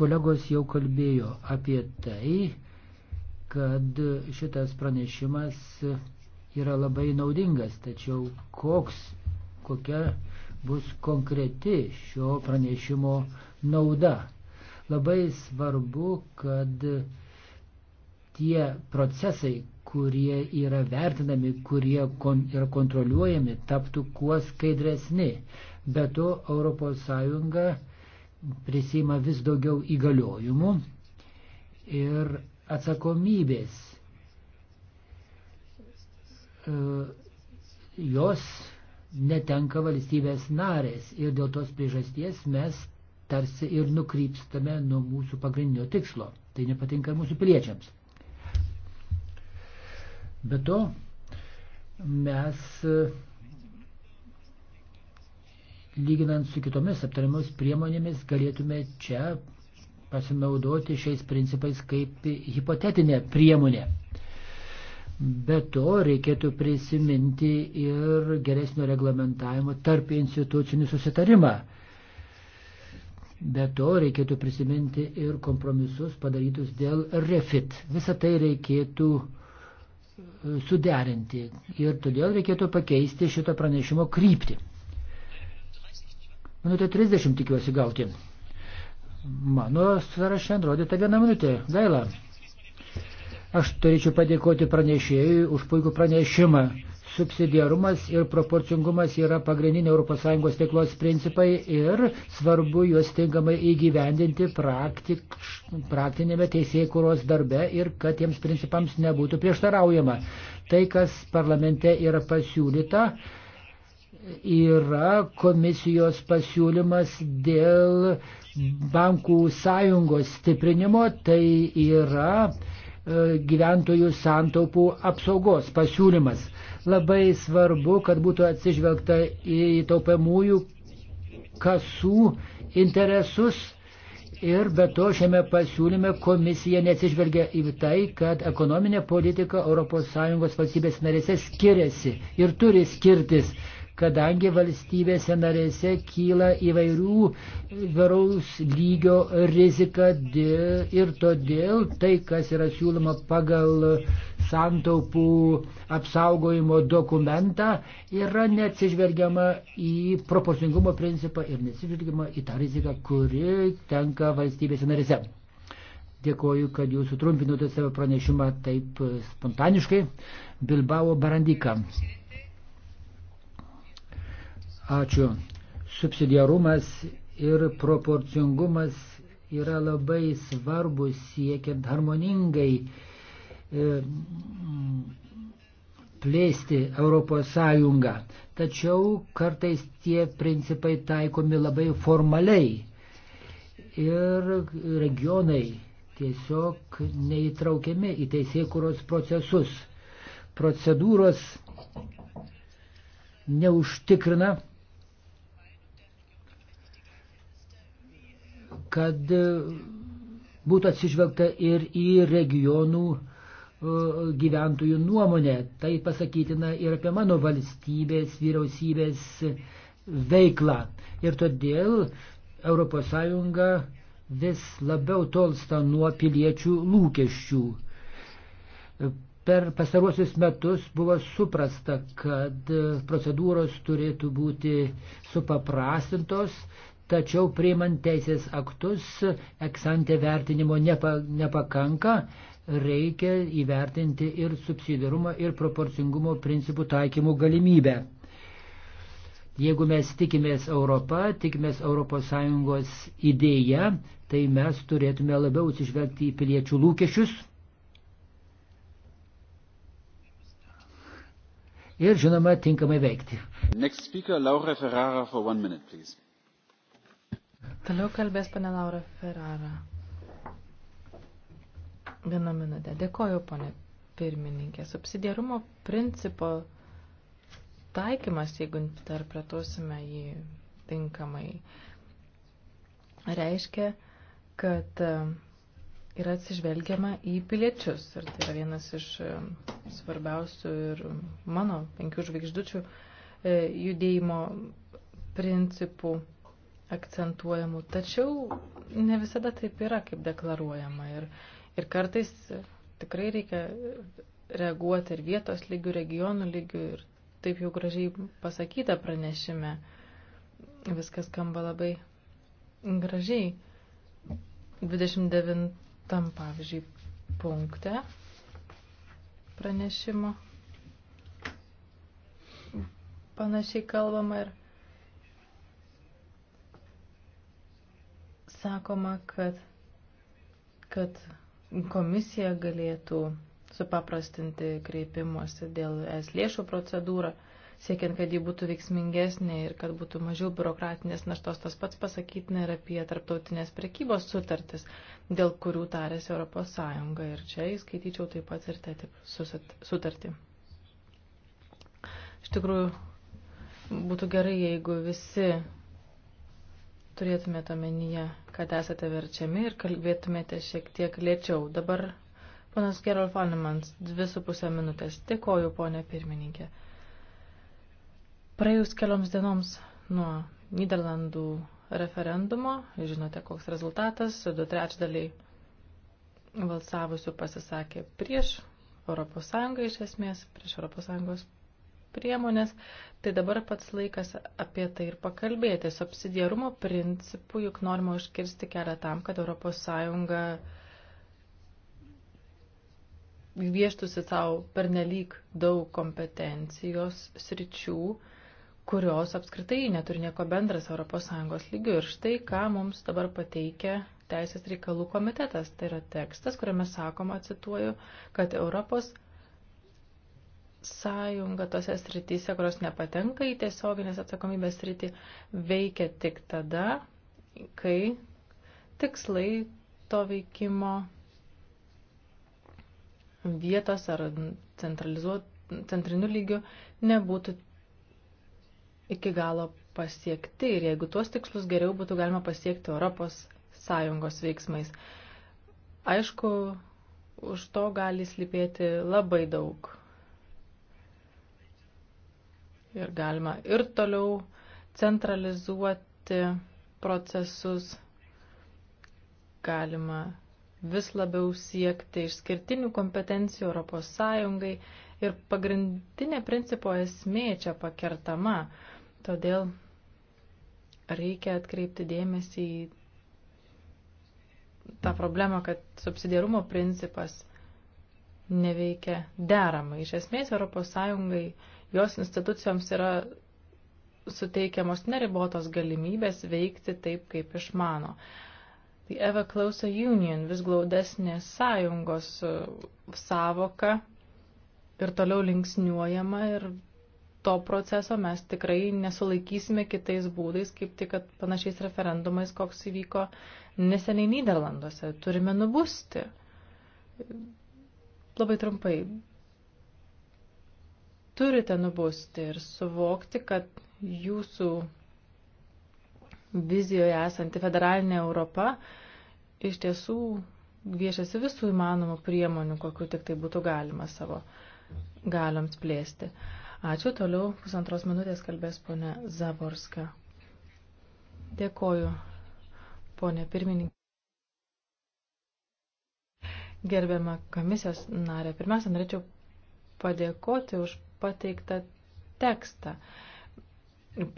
Kolegos jau kalbėjo apie tai, kad šitas pranešimas yra labai naudingas, tačiau koks, kokia bus konkreti šio pranešimo nauda. Labai svarbu, kad tie procesai, kurie yra vertinami, kurie kon, yra kontroliuojami, taptų kuo skaidresni. Be to, ES prisima vis daugiau įgaliojimų ir atsakomybės. E, jos netenka valstybės narės ir dėl tos priežasties mes tarsi ir nukrypstame nuo mūsų pagrindinio tikslo. Tai nepatinka mūsų piliečiams. Be to, mes lyginant su kitomis aptariamus priemonėmis galėtume čia pasinaudoti šiais principais kaip hipotetinė priemonė. Be to reikėtų prisiminti ir geresnio reglamentavimo tarp institucinį susitarimą. Be to reikėtų prisiminti ir kompromisus padarytus dėl refit. Visą tai reikėtų e, suderinti ir todėl reikėtų pakeisti šito pranešimo kryptį. Minutė 30 tikiuosi gauti. Mano sąraše nurodyta viena minutė. Gaila. Aš turėčiau padėkoti pranešėjui už puikų pranešimą. Subsidiarumas ir proporcingumas yra pagrindiniai ES veiklos principai ir svarbu juos tinkamai įgyvendinti praktik, praktinėme teisėjų kuros darbe ir kad tiems principams nebūtų prieštaraujama. Tai, kas parlamente yra pasiūlyta, yra komisijos pasiūlymas dėl bankų sąjungos stiprinimo, tai yra E, gyventojų santaupų apsaugos pasiūlymas. Labai svarbu, kad būtų atsižvelgta į taupiamųjų kasų interesus ir be to šiame pasiūlyme komisija neatsižvelgia į tai, kad ekonominė politika ES valstybės narėse skiriasi ir turi skirtis kadangi valstybėse narėse kyla įvairių varaus lygio rizika ir todėl tai, kas yra siūloma pagal santaupų apsaugojimo dokumentą, yra neatsižvelgiama į proporcingumo principą ir neatsižvelgiama į tą riziką, kuri tenka valstybėse narėse. Dėkoju, kad jūs sutrumpinote savo pranešimą taip spontaniškai. Bilbao Barandika. Ačiū. Subsidiarumas ir proporcingumas yra labai svarbus siekiant harmoningai e, plėsti Europos Sąjungą. Tačiau kartais tie principai taikomi labai formaliai ir regionai tiesiog neįtraukiami į teisėkuros procesus. Procedūros neužtikrina kad e, būtų atsižvelgta ir į regionų e, gyventojų nuomonę. Tai pasakytina ir apie mano valstybės, vyriausybės veiklą. Ir todėl ES vis labiau tolsta nuo piliečių lūkesčių. Per pasaruosius metus buvo suprasta, kad procedūros turėtų būti supaprastintos, tačiau priimant teisės aktus eksantė vertinimo nepa, nepakanka, reikia įvertinti ir subsidiarumo ir proporcingumo principų taikymų galimybę. Jeigu mes tikimės Europą, tikimės ES idėją, tai mes turėtume labiau atsižvelgti į piliečių lūkesčius. Ir žinoma, tinkamai veikti. Next speaker, Laura Ferrara, for one minute, please. Toliau kalbės pane Laura Ferrara. Vieną minutę. Dėkoju, ponė pirmininkė. Subsidiarumo principo taikymas, jeigu interpretuosime jį tinkamai, reiškia, kad e, yra atsižvelgiama į piliečius. Ir tai yra vienas iš e, svarbiausių ir mano penkių žvaigždučių e, judėjimo principų akcentuojamų, tačiau ne visada taip yra, kaip deklaruojama. Ir, ir kartais tikrai reikia reaguoti ir vietos lygių, regionų lygių ir taip jau gražiai pasakyta pranešime. Viskas skamba labai gražiai. 29 pavyzdžiui punkte pranešimo panašiai kalbama ir sakoma, kad, kad komisija galėtų supaprastinti kreipimuose dėl es lėšų procedūrą, siekiant, kad ji būtų veiksmingesnė ir kad būtų mažiau biurokratinės naštos. Tas pats pasakytina ir apie tarptautinės prekybos sutartis, dėl kurių tarėsi Europos Sąjunga. Ir čia įskaityčiau taip pat ir TTIP sutartį. Iš tikrųjų, būtų gerai, jeigu visi turėtumėte omenyje, kad esate verčiami ir kalbėtumėte šiek tiek lėčiau. Dabar ponas Gerolf Alnemans, dvi su pusę minutės. Dėkoju, ponė pirmininkė. Praėjus kelioms dienoms nuo Niderlandų referendumo, žinote, koks rezultatas, du trečdaliai balsavusių pasisakė prieš Europos Sąjungą iš esmės, prieš Europos Sąjungos priemonės, tai dabar pats laikas apie tai ir pakalbėti. Subsidiarumo principų juk norima užkirsti kelią tam, kad ES vieštusi savo pernelyg daug kompetencijos sričių, kurios apskritai neturi nieko bendras ES lygių. Ir štai ką mums dabar pateikia Teisės reikalų komitetas. Tai yra tekstas, kuriame sakoma, cituoju, kad Europos sąjunga tose srityse, kurios nepatenka į tiesioginės atsakomybės sritį, veikia tik tada, kai tikslai to veikimo vietos ar centriniu lygiu nebūtų iki galo pasiekti ir jeigu tuos tikslus geriau būtų galima pasiekti Europos Sąjungos veiksmais. Aišku, už to gali slypėti labai daug ir galima ir toliau centralizuoti procesus, galima vis labiau siekti išskirtinių kompetencijų Europos Sąjungai ir pagrindinė principo esmė čia pakertama. Todėl reikia atkreipti dėmesį į tą problemą, kad subsidiarumo principas neveikia deramai. Iš esmės Europos Sąjungai jos institucijoms yra suteikiamos neribotos galimybės veikti taip, kaip išmano. The tai Ever Closer Union vis glaudesnė sąjungos e, savoka ir toliau linksniuojama ir to proceso mes tikrai nesulaikysime kitais būdais, kaip tik kad panašiais referendumais, koks įvyko neseniai Niderlanduose. Turime nubusti. Labai trumpai, turite nubusti ir suvokti, kad jūsų vizijoje esanti federalinė Europa iš tiesų gviešiasi visų įmanomų priemonių, kokiu tik tai būtų galima savo galiams plėsti. Ačiū, toliau pusantros minutės kalbės ponė Zaborska. Dėkoju, ponė pirmininkė. Gerbiama komisijos narė, pirmiausia, norėčiau padėkoti už pateiktą tekstą.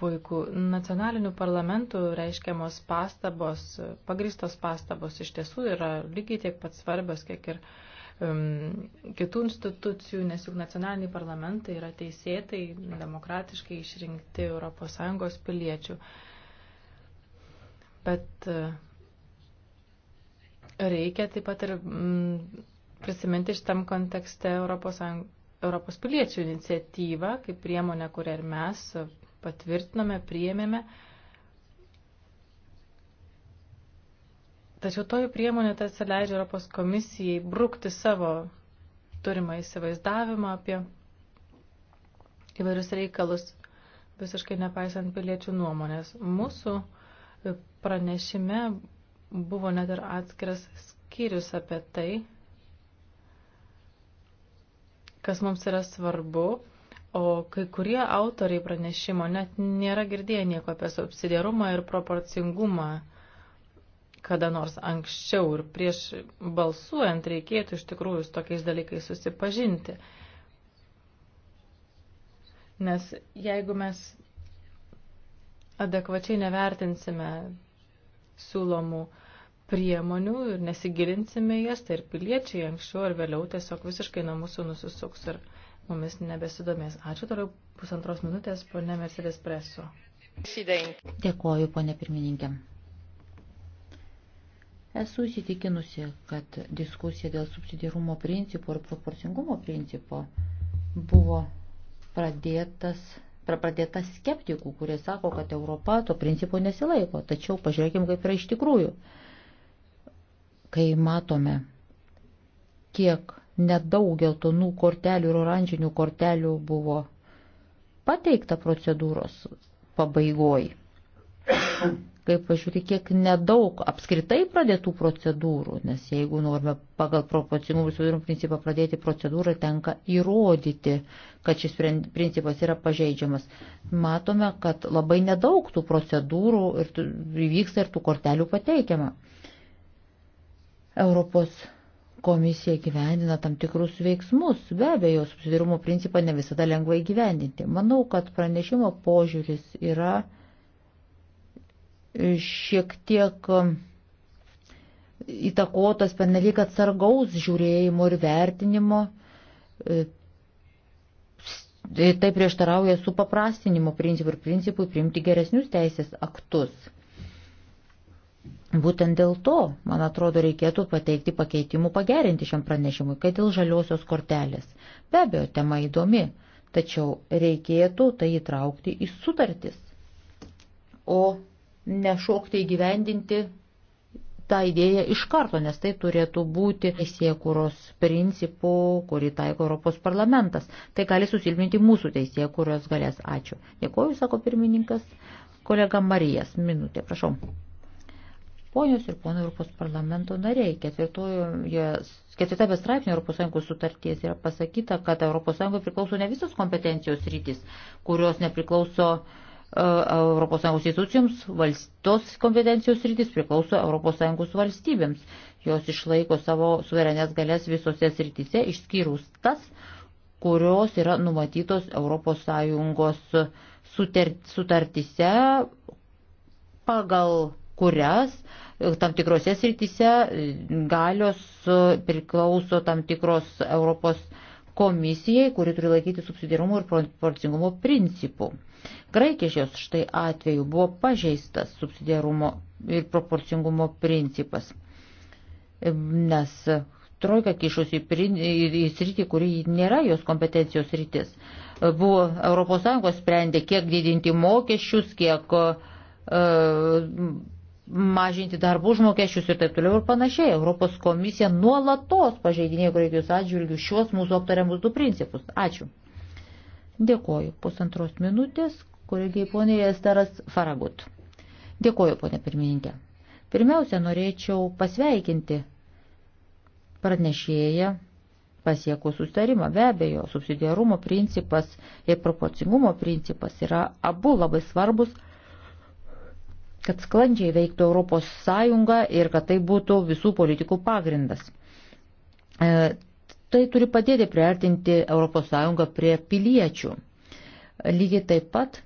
Puiku. Nacionalinių parlamentų reiškiamos pastabos, pagristos pastabos iš tiesų yra lygiai tiek pat svarbios, kiek ir um, kitų institucijų, nes juk nacionaliniai parlamentai yra teisėtai, demokratiškai išrinkti ES piliečių. Bet uh, reikia taip pat ir mm, prisiminti šitam kontekste Europos Sąjung, Europos piliečių iniciatyvą, kaip priemonę, kurią ir mes patvirtiname, priėmėme. Tačiau toji priemonė tarsi leidžia Europos komisijai brukti savo turimą įsivaizdavimą apie įvairius reikalus, visiškai nepaisant piliečių nuomonės. Mūsų pranešime buvo net ir atskiras skyrius apie tai, kas mums yra svarbu, o kai kurie autoriai pranešimo net nėra girdėję nieko apie subsidiarumą ir proporcingumą kada nors anksčiau ir prieš balsuojant reikėtų iš tikrųjų su tokiais dalykais susipažinti. Nes jeigu mes adekvačiai nevertinsime siūlomų uh, priemonių ir nesigilinsime jas, tai ir piliečiai anksčiau ar vėliau tiesiog visiškai nuo mūsų nusisuks ir mumis nebesidomės. Ačiū toliau pusantros minutės, ponė Mercedes Preso. Dėkoju, ponė pirmininkė. Esu įsitikinusi, kad diskusija dėl subsidiarumo principų ir proporcingumo principo buvo pradėtas, pradėta skeptikų, kurie sako, kad Europa to principo nesilaiko. Tačiau pažiūrėkime, kaip yra iš tikrųjų kai matome, kiek nedaug geltonų kortelių ir oranžinių kortelių buvo pateikta procedūros pabaigoj. Kaip pažiūrė, kiek nedaug apskritai pradėtų procedūrų, nes jeigu norime pagal proporcingumų suvirinų principą pradėti procedūrą, tenka įrodyti, kad šis principas yra pažeidžiamas. Matome, kad labai nedaug tų procedūrų ir įvyksta ir tų kortelių pateikiama. Europos komisija gyvendina tam tikrus veiksmus. Be abejo, subsidirumo principą ne visada lengva įgyvendinti. Manau, kad pranešimo požiūris yra šiek tiek um, įtakotas penelyg atsargaus žiūrėjimo ir vertinimo. E, tai prieštarauja su paprastinimo principu ir principui priimti geresnius teisės aktus. Būtent dėl to, man atrodo, reikėtų pateikti pakeitimų pagerinti šiam pranešimui, kad dėl žaliosios kortelės. Be abejo, tema įdomi, tačiau reikėtų tai įtraukti į sutartis, o nešokti įgyvendinti tą idėją iš karto, nes tai turėtų būti teisėkūros principų, kurį taiko Europos parlamentas. Tai gali susilpninti mūsų teisėkūros galės. Ačiū. Dėkuoju, sako pirmininkas. Kolega Marijas, minutė, prašau. Ponios ir ponai Europos parlamento nariai, ketvirtame straipsnio ES sutarties yra pasakyta, kad ES priklauso ne visos kompetencijos rytis, kurios nepriklauso ES institucijoms, tos kompetencijos rytis priklauso ES valstybėms. Jos išlaiko savo suverenės galės visose srityse, išskyrus tas, kurios yra numatytos ES sutartise, pagal kurias uh, tam tikrose srityse galios priklauso tam tikros Europos komisijai, kuri turi laikyti subsidiarumo ir proporcingumo principų. Graikijos štai atveju buvo pažeistas subsidiarumo ir proporcingumo principas, nes trojka kišusi į sritį, kuri nėra jos kompetencijos sritis. Buvo ES sprendė, kiek didinti mokesčius, kiek uh, mažinti darbų užmokesčius ir taip toliau ir panašiai. Europos komisija nuolatos pažeidinėjo Graikijos atžvilgių šios mūsų aptariamus du principus. Ačiū. Dėkoju. Pusantros minutės, kolegiai ponė Estaras Faragut. Dėkoju, ponė pirmininkė. Pirmiausia, norėčiau pasveikinti pranešėją pasiekus sustarimą. Be abejo, subsidiarumo principas ir proporcingumo principas yra abu labai svarbus kad sklandžiai veiktų Europos Sąjunga ir kad tai būtų visų politikų pagrindas. E, tai turi padėti priartinti Europos Sąjungą prie piliečių. Lygiai taip pat,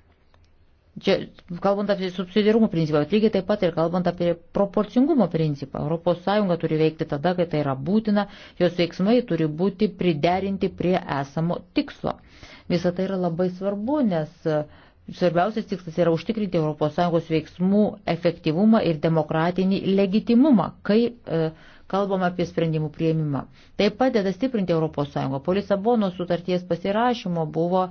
čia kalbant apie subsidiarumo principą, bet lygiai taip pat ir kalbant apie proporcingumo principą. Europos Sąjunga turi veikti tada, kai tai yra būtina, jos veiksmai turi būti priderinti prie esamo tikslo. Visą tai yra labai svarbu, nes uh, Svarbiausias tikslas yra užtikrinti ES veiksmų efektyvumą ir demokratinį legitimumą, kai e, kalbam apie sprendimų prieimimą. Tai padeda stiprinti ES. Po Lisabono sutarties pasirašymo buvo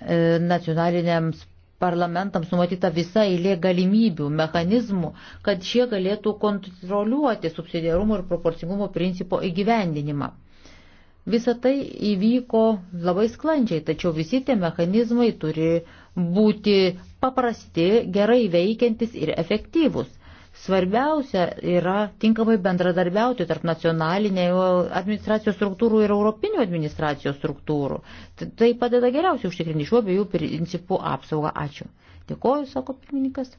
e, nacionaliniams parlamentams numatyta visa eilė galimybių, mechanizmų, kad šie galėtų kontroliuoti subsidiarumo ir proporcingumo principo įgyvendinimą. Visa tai įvyko labai sklandžiai, tačiau visi tie mechanizmai turi būti paprasti, gerai veikiantis ir efektyvus. Svarbiausia yra tinkamai bendradarbiauti tarp nacionalinio administracijos struktūrų ir europinio administracijos struktūrų. Tai padeda geriausiai užtikrinti šiuo abiejų principų apsaugą. Ačiū. Dėkoju, sako pirmininkas.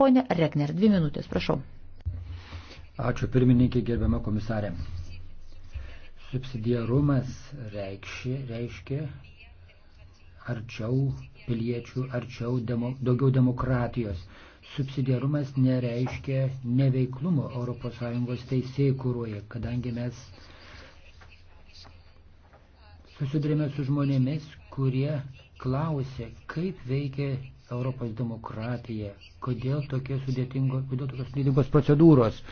Pone Rekner, dvi minutės, prašau. Ačiū pirmininkė, gerbiama komisarė. Subsidiarumas reikšė, reiškia arčiau piliečių, arčiau demo, daugiau demokratijos. Subsidiarumas nereiškia neveiklumo ES teisėjai kūruoja, kadangi mes susidurime su žmonėmis, kurie klausė, kaip veikia Europos demokratija, kodėl, tokie sudėtingo, kodėl tokios sudėtingos procedūros,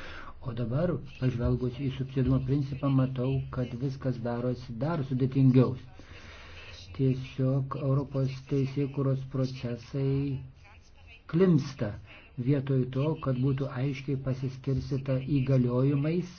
O dabar, pažvelgus į subsidumo principą, matau, kad viskas darosi dar sudėtingiau. Tiesiog Europos teisėkuros procesai klimsta vietoj to, kad būtų aiškiai pasiskirsita įgaliojimais,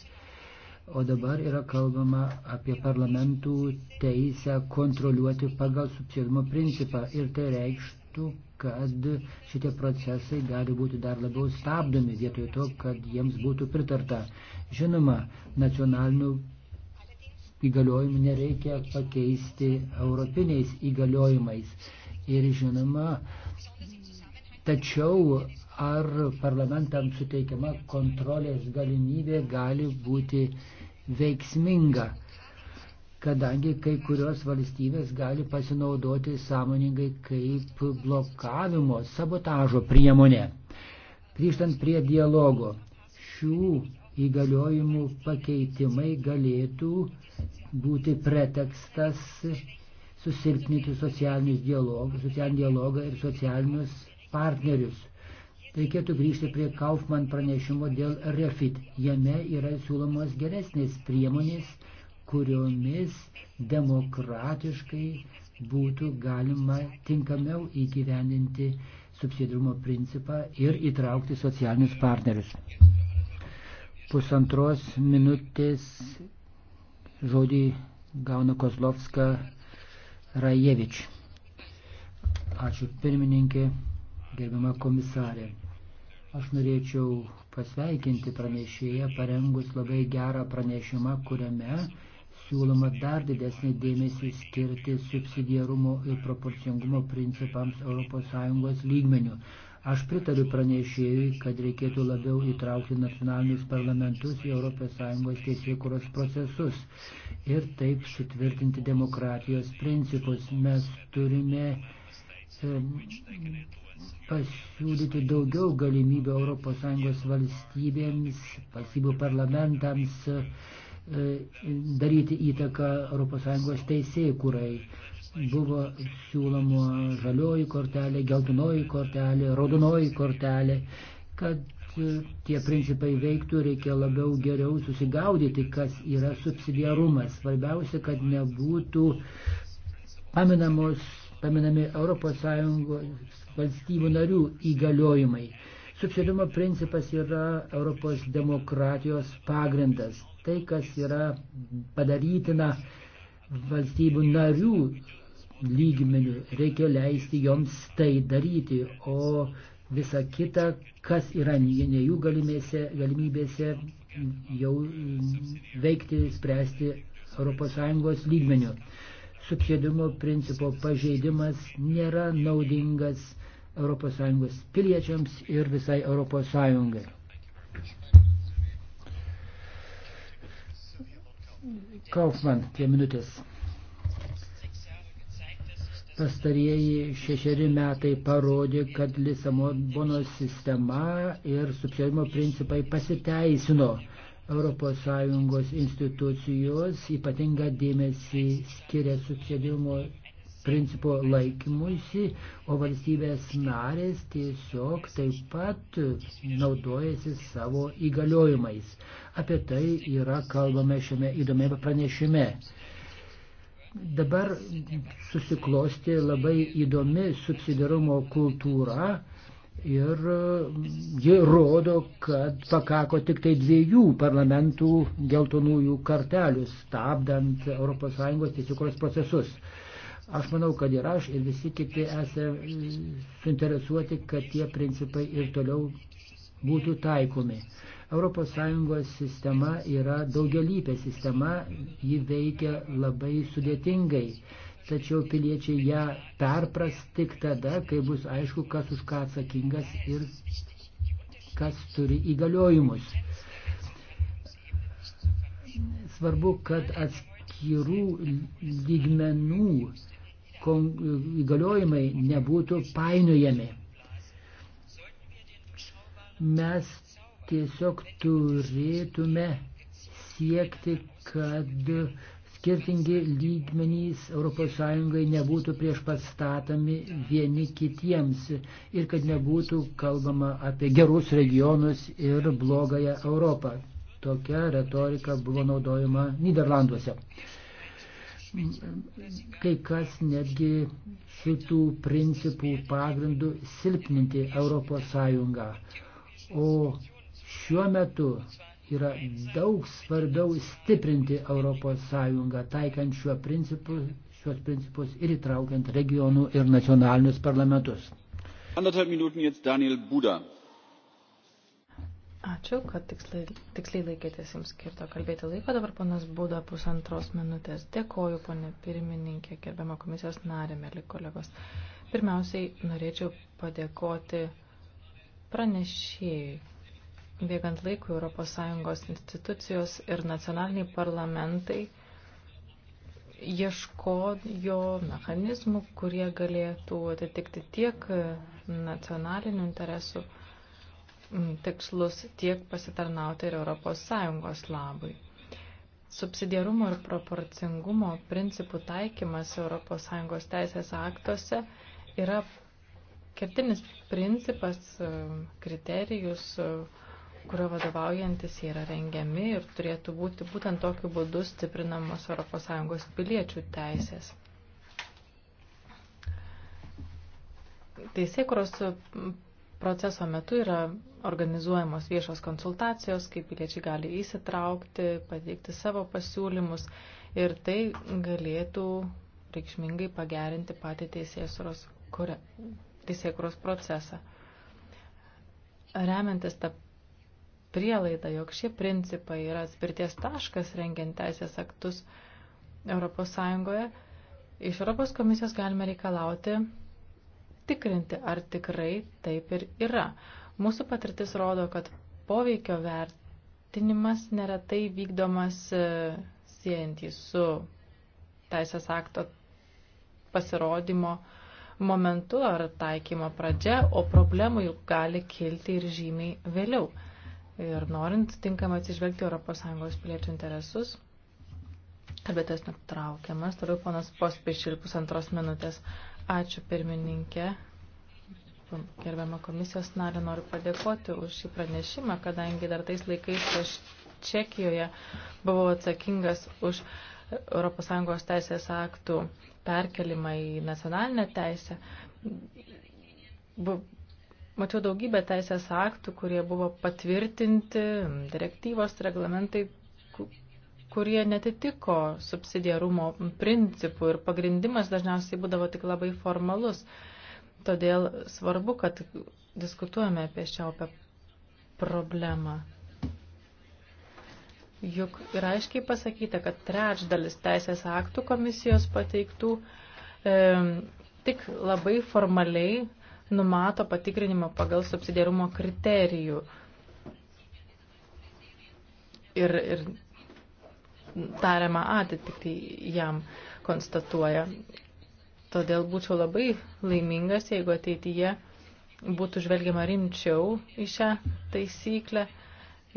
o dabar yra kalbama apie parlamentų teisę kontroliuoti pagal subsidumo principą ir tai reikštų, kad šitie procesai gali būti dar labiau stabdomi vietoj to, kad jiems būtų pritarta. Žinoma, nacionalinių įgaliojimų nereikia pakeisti europiniais įgaliojimais. Ir žinoma, tačiau ar parlamentams suteikiama kontrolės galimybė gali būti veiksminga kadangi kai kurios valstybės gali pasinaudoti sąmoningai kaip blokavimo, sabotažo priemonė. Grįžtant prie dialogo, šių įgaliojimų pakeitimai galėtų būti pretekstas susilpninti socialinius dialogus, socialinį dialogą ir socialinius partnerius. Reikėtų grįžti prie Kaufman pranešimo dėl refit. Jame yra siūlomos geresnės priemonės kuriomis demokratiškai būtų galima tinkamiau įgyvendinti subsidirumo principą ir įtraukti socialinius partnerius. Pusantros minutės žodį gauna Kozlovska Rajevič. Ačiū pirmininkė, gerbiama komisarė. Aš norėčiau pasveikinti pranešėją, parengus labai gerą pranešimą, kuriame siūloma dar didesnį dėmesį skirti subsidiarumo ir proporcingumo principams ES lygmenių. Aš pritariu pranešėjui, kad reikėtų labiau įtraukti nacionalinius parlamentus į ES teisėkuros procesus ir taip sutvirtinti demokratijos principus. Mes turime pasiūlyti daugiau galimybių ES valstybėms, valstybių parlamentams E, daryti įtaką ES teisėjai, kurai buvo siūloma žalioji kortelė, geltonoji kortelė, raudonoji kortelė, kad e, tie principai veiktų, reikia labiau geriau susigaudyti, kas yra subsidiarumas. Svarbiausia, kad nebūtų paminamos, paminami ES valstybių narių įgaliojimai. Subsidiarumo principas yra Europos demokratijos pagrindas tai, kas yra padarytina valstybių narių lygmenių, reikia leisti joms tai daryti, o visa kita, kas yra ne jų galimėse, galimybėse, jau veikti, spręsti ES lygmenių. Subsidiumo principo pažeidimas nėra naudingas ES piliečiams ir visai ES. Kaufman, prie minutės. Pastarieji šešeri metai parodė, kad Lisabono sistema ir subsidiarimo principai pasiteisino. ES institucijos ypatingą dėmesį skiria subsidiarimo principo laikymusi, o valstybės narės tiesiog taip pat naudojasi savo įgaliojimais. Apie tai yra kalbame šiame įdomiame pranešime. Dabar susiklosti labai įdomi subsidiarumo kultūra ir mm, ji rodo, kad pakako tik tai dviejų parlamentų geltonųjų kartelių, stabdant ES teisėkuros procesus. Aš manau, kad ir aš, ir visi kiti esame suinteresuoti, kad tie principai ir toliau būtų taikomi. ES sistema yra daugialypė sistema, ji veikia labai sudėtingai, tačiau piliečiai ją perpras tik tada, kai bus aišku, kas už ką atsakingas ir kas turi įgaliojimus. Svarbu, kad atskirų lygmenų įgaliojimai nebūtų painiojami. Mes tiesiog turėtume siekti, kad skirtingi lygmenys ES nebūtų prieš pastatomi vieni kitiems ir kad nebūtų kalbama apie gerus regionus ir blogąją Europą. Tokia retorika buvo naudojama Niderlanduose kai kas netgi šitų principų pagrindų silpninti Europos Sąjungą. O šiuo metu yra daug svarbiau stiprinti Europos Sąjungą, taikant šiuo principu, šios principus ir įtraukiant regionų ir nacionalinius parlamentus. Anderthalb Minuten jetzt Daniel Buda. Ačiū, kad tiksliai, tiksliai laikėtės jums skirto kalbėti laiko. Dabar ponas Būda pusantros minutės. Dėkoju, ponė pirmininkė, gerbiamo komisijos narė, mėly kolegos. Pirmiausiai norėčiau padėkoti pranešėjai. Bėgant laikui ES institucijos ir nacionaliniai parlamentai ieškojo mechanizmų, kurie galėtų atitikti tiek nacionalinių interesų, Mm, tikslus tiek pasitarnauti ir ES labui. Subsidiarumo ir proporcingumo principų taikymas ES teisės aktuose yra kertinis principas, mm, kriterijus, kurio vadovaujantis yra rengiami ir turėtų būti būtent tokiu būdu stiprinamos ES piliečių teisės. Teisėkuros Proceso metu yra organizuojamos viešos konsultacijos, kaip piliečiai gali įsitraukti, pateikti savo pasiūlymus ir tai galėtų reikšmingai pagerinti patį teisėkuros teisė procesą. Remiantis tą prielaidą, jog šie principai yra atspirties taškas rengiant teisės aktus Europos Sąjungoje, iš Europos komisijos galime reikalauti tikrinti, ar tikrai taip ir yra. Mūsų patirtis rodo, kad poveikio vertinimas neretai vykdomas e, siejantį su teisės akto pasirodymo momentu ar taikymo pradžia, o problemų juk gali kilti ir žymiai vėliau. Ir norint tinkamai atsižvelgti ES piliečių interesus, kalbėtojas nutraukiamas, toliau ponas Pospišil pusantros minutės. Ačiū pirmininkė. Gerbiamą komisijos narį noriu padėkoti už šį pranešimą, kadangi dar tais laikais aš Čekijoje buvau atsakingas už ES teisės aktų perkelimą į nacionalinę teisę. Bu, mačiau daugybę teisės aktų, kurie buvo patvirtinti, direktyvos, reglamentai, kurie netitiko subsidiarumo principų ir pagrindimas dažniausiai būdavo tik labai formalus. Todėl svarbu, kad diskutuojame apie šią opę problemą. Juk yra aiškiai pasakyta, kad trečdalis teisės aktų komisijos pateiktų e, tik labai formaliai numato patikrinimą pagal subsidiarumo kriterijų. Ir, ir tariamą atitiktį tai jam konstatuoja. Todėl būčiau labai laimingas, jeigu ateityje būtų žvelgiama rimčiau į šią taisyklę.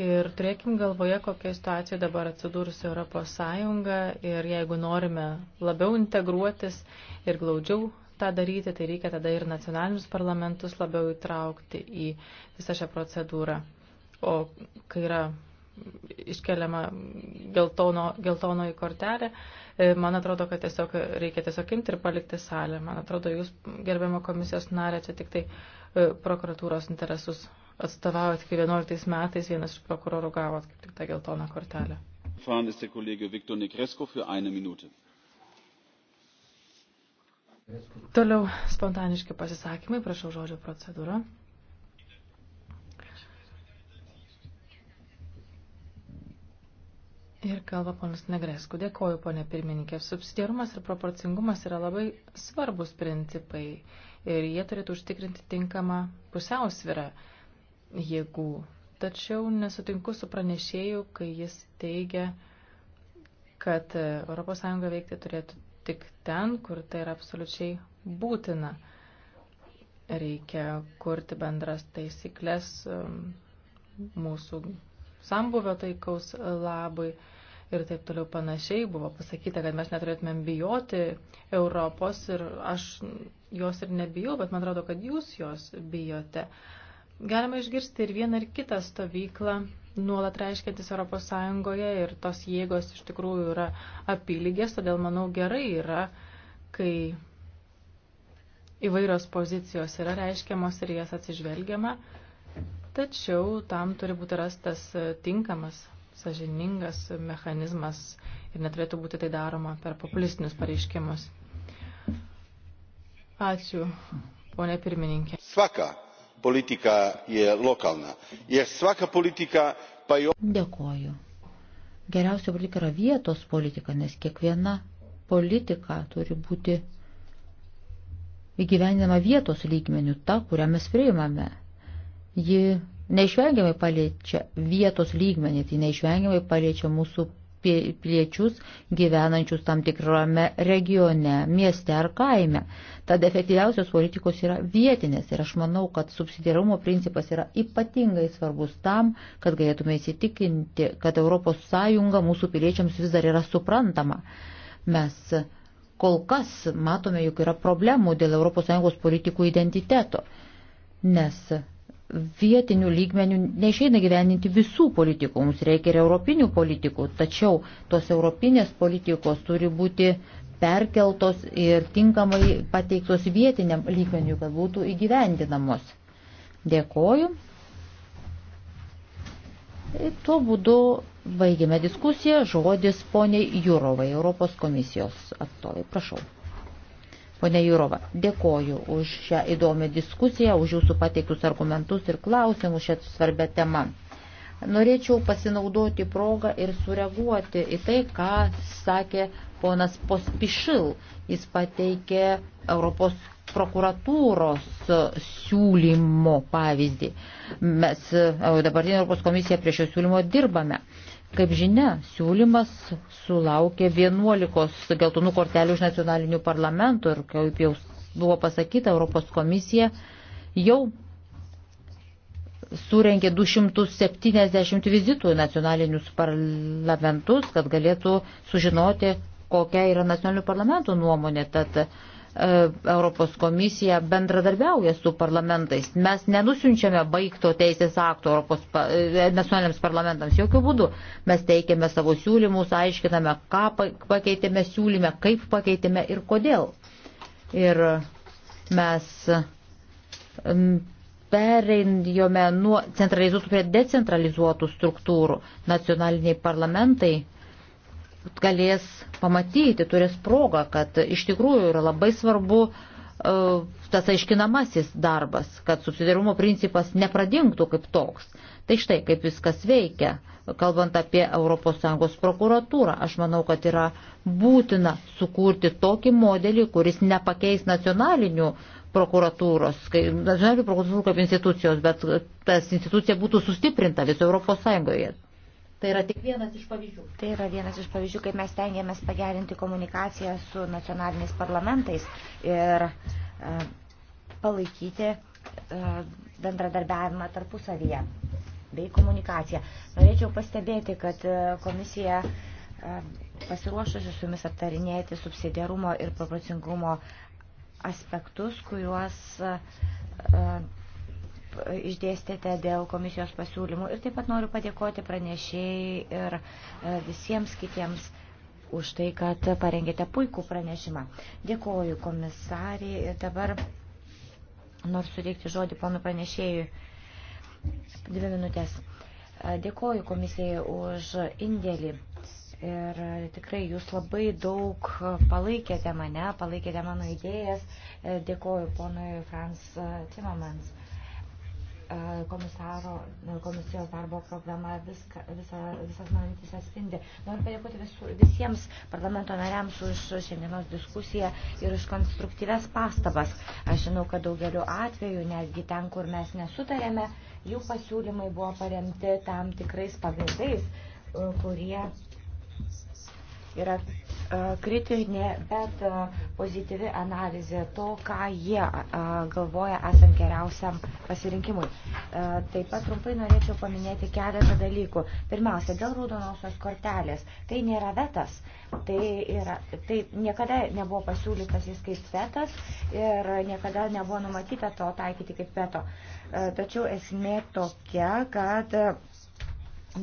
Ir turėkim galvoje, kokia situacija dabar atsidūrusi Europos Sąjunga ir jeigu norime labiau integruotis ir glaudžiau tą daryti, tai reikia tada ir nacionalinius parlamentus labiau įtraukti į visą šią procedūrą. O kai yra iškeliama geltono, geltonoji kortelė. E, man atrodo, kad tiesiog reikia tiesiog imti ir palikti salę. Man atrodo, jūs, gerbiamo komisijos narė, čia tik tai e, prokuratūros interesus atstovaujat, kai 11 metais vienas iš prokurorų gavot kaip tik tą geltoną kortelę. Toliau spontaniški pasisakymai, prašau žodžio procedūrą. Ir kalba ponas Negresku. Dėkoju, ponė pirmininkė. Subsidiarumas ir proporcingumas yra labai svarbus principai ir jie turėtų užtikrinti tinkamą pusiausvirą jėgų. Tačiau nesutinku su pranešėju, kai jis teigia, kad ES veikti turėtų tik ten, kur tai yra absoliučiai būtina. Reikia kurti bendras taisyklės um, mūsų sambuvio taikaus labui ir taip toliau panašiai. Buvo pasakyta, kad mes neturėtumėm bijoti Europos ir aš jos ir nebijau, bet man atrodo, kad jūs jos bijote. Galima išgirsti ir vieną ir kitą stovyklą nuolat reiškiantis Europos Sąjungoje ir tos jėgos iš tikrųjų yra apylygės, todėl manau gerai yra, kai įvairios pozicijos yra reiškiamos ir jas atsižvelgiama, tačiau tam turi būti rastas tinkamas sažiningas mechanizmas ir neturėtų būti tai daroma per populistinius pareiškimus. Ačiū, ponė pirmininkė. Svaka politika je lokalna, jer svaka politika pa jo... Dėkoju. Geriausia politika yra vietos politika, nes kiekviena politika turi būti įgyvendinama vietos lygmenių, ta, kurią mes priimame. Ji neišvengiamai paliečia vietos lygmenį, tai neišvengiamai paliečia mūsų piliečius gyvenančius tam tikrame regione, mieste ar kaime. Tad efektyviausios politikos yra vietinės ir aš manau, kad subsidiarumo principas yra ypatingai svarbus tam, kad galėtume įsitikinti, kad ES mūsų piliečiams vis dar yra suprantama. Mes kol kas matome, jog yra problemų dėl ES politikų identiteto, nes vietinių lygmenių neišeina gyveninti visų politikų, mums reikia ir europinių politikų, tačiau tos europinės politikos turi būti perkeltos ir tinkamai pateiktos vietiniam lygmeniu, kad būtų įgyvendinamos. Dėkoju. Ir tuo būdu baigėme diskusiją. Žodis poniai Jurovai, Europos komisijos atstovai. Prašau. Pone Jūrova, dėkoju už šią įdomią diskusiją, už jūsų pateiktus argumentus ir klausimus šią svarbę temą. Norėčiau pasinaudoti progą ir sureaguoti į tai, ką sakė ponas Pospišil. Jis pateikė Europos prokuratūros siūlymo pavyzdį. Mes e, dabartinė Europos komisija prie šio siūlymo dirbame. Kaip žinia, siūlymas sulaukė 11 geltonų kortelių iš nacionalinių parlamentų ir, kaip jau buvo pasakyta, Europos komisija jau surengė 270 vizitų į nacionalinius parlamentus, kad galėtų sužinoti, kokia yra nacionalinių parlamentų nuomonė. Tad E, Europos komisija bendradarbiauja su parlamentais. Mes nenusiunčiame baigto teisės akto Europos e, nacionaliniams parlamentams jokių būdų. Mes teikiame savo siūlymus, aiškiname, ką pakeitėme siūlyme, kaip pakeitėme ir kodėl. Ir mes pereinjome nuo centralizuotų prie decentralizuotų struktūrų. Nacionaliniai parlamentai galės pamatyti, turės progą, kad iš tikrųjų yra labai svarbu uh, tas aiškinamasis darbas, kad subsidiarumo principas nepradingtų kaip toks. Tai štai kaip viskas veikia, kalbant apie ES prokuratūrą. Aš manau, kad yra būtina sukurti tokį modelį, kuris nepakeis nacionalinių prokuratūros, nacionalinių prokuratūrų kaip institucijos, bet tas institucija būtų sustiprinta viso ES. Tai yra tik vienas iš pavyzdžių. Tai yra vienas iš pavyzdžių, kaip mes tengiamės pagerinti komunikaciją su nacionaliniais parlamentais ir e, palaikyti e, bendradarbiavimą tarpusavyje bei komunikaciją. Norėčiau pastebėti, kad e, komisija e, pasiruošusi su jumis aptarinėti subsidiarumo ir proporcingumo aspektus, kuriuos e, išdėstėte dėl komisijos pasiūlymų ir taip pat noriu padėkoti pranešėjai ir e, visiems kitiems už tai, kad parengėte puikų pranešimą. Dėkoju komisariai ir dabar noriu suteikti žodį ponu pranešėjui. Dvi minutės. E, dėkoju komisijai už indėlį. Ir tikrai jūs labai daug palaikėte mane, palaikėte mano idėjas. E, dėkoju ponui Frans Timmermans komisaro, komisijos darbo programa viską, visa, visas manytis atspindi. Noriu padėkoti visu, visiems parlamento nariams už šiandienos diskusiją ir už konstruktyves pastabas. Aš žinau, kad daugeliu atveju, netgi ten, kur mes nesutarėme, jų pasiūlymai buvo paremti tam tikrais pagrindais, kurie yra kritinė, bet pozityvi analizė to, ką jie galvoja esant geriausiam pasirinkimui. Taip pat trumpai norėčiau paminėti keletą dalykų. Pirmiausia, dėl raudonosios kortelės. Tai nėra vetas. Tai, yra, tai niekada nebuvo pasiūlytas jis kaip vetas ir niekada nebuvo numatyta to taikyti kaip veto. Tačiau esmė tokia, kad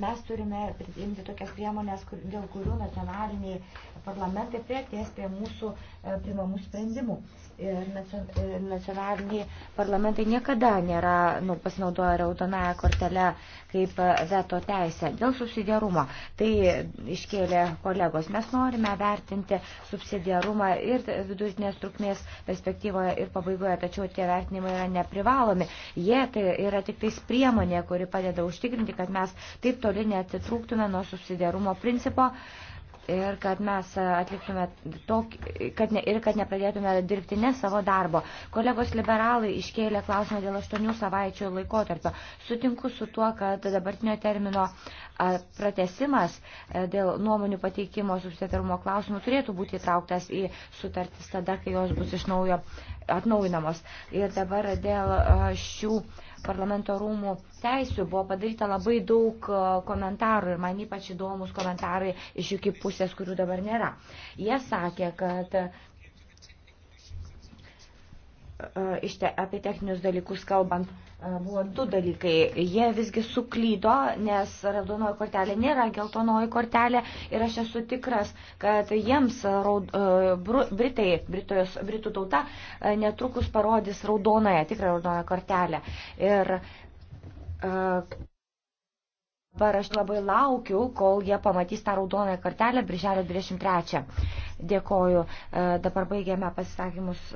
mes turime priimti tokias priemonės, kur, dėl kurių nacionaliniai parlamentai prieties prie mūsų e, primamų sprendimų. Ir nacionaliniai parlamentai niekada nėra nu, pasinaudoję raudonąją kortelę kaip veto teisę dėl subsidiarumo. Tai iškėlė kolegos. Mes norime vertinti subsidiarumą ir vidutinės trukmės perspektyvoje ir pabaigoje, tačiau tie vertinimai yra neprivalomi. Jie tai yra tik tais priemonė, kuri padeda užtikrinti, kad mes taip toli neatitrūktume nuo subsidiarumo principo ir kad mes atliktume tokį, kad ne, ir kad nepradėtume dirbti ne savo darbo. Kolegos liberalai iškėlė klausimą dėl 8 savaičių laikotarpio. Sutinku su tuo, kad dabartinio termino pratesimas e, dėl nuomonių pateikimo susitarumo klausimų turėtų būti įtrauktas į sutartis tada, kai jos bus iš naujo atnaujinamos. Ir dabar dėl šių parlamento rūmų teisių buvo padaryta labai daug e, komentarų ir man ypač įdomus komentarai iš jų kaip pusės, kurių dabar nėra. Jie sakė, kad e, e, te, apie techninius dalykus kalbant, buvo du dalykai. Jie visgi suklydo, nes raudonoji kortelė nėra geltonoji kortelė ir aš esu tikras, kad jiems raud, br, Britai, Britos, Britų tauta netrukus parodys raudonąją, tikrą raudonoją kortelę. Ir, uh, Dabar aš labai laukiu, kol jie pamatys tą raudoną kortelę birželio 23. Dėkoju. Dabar baigiame pasisakymus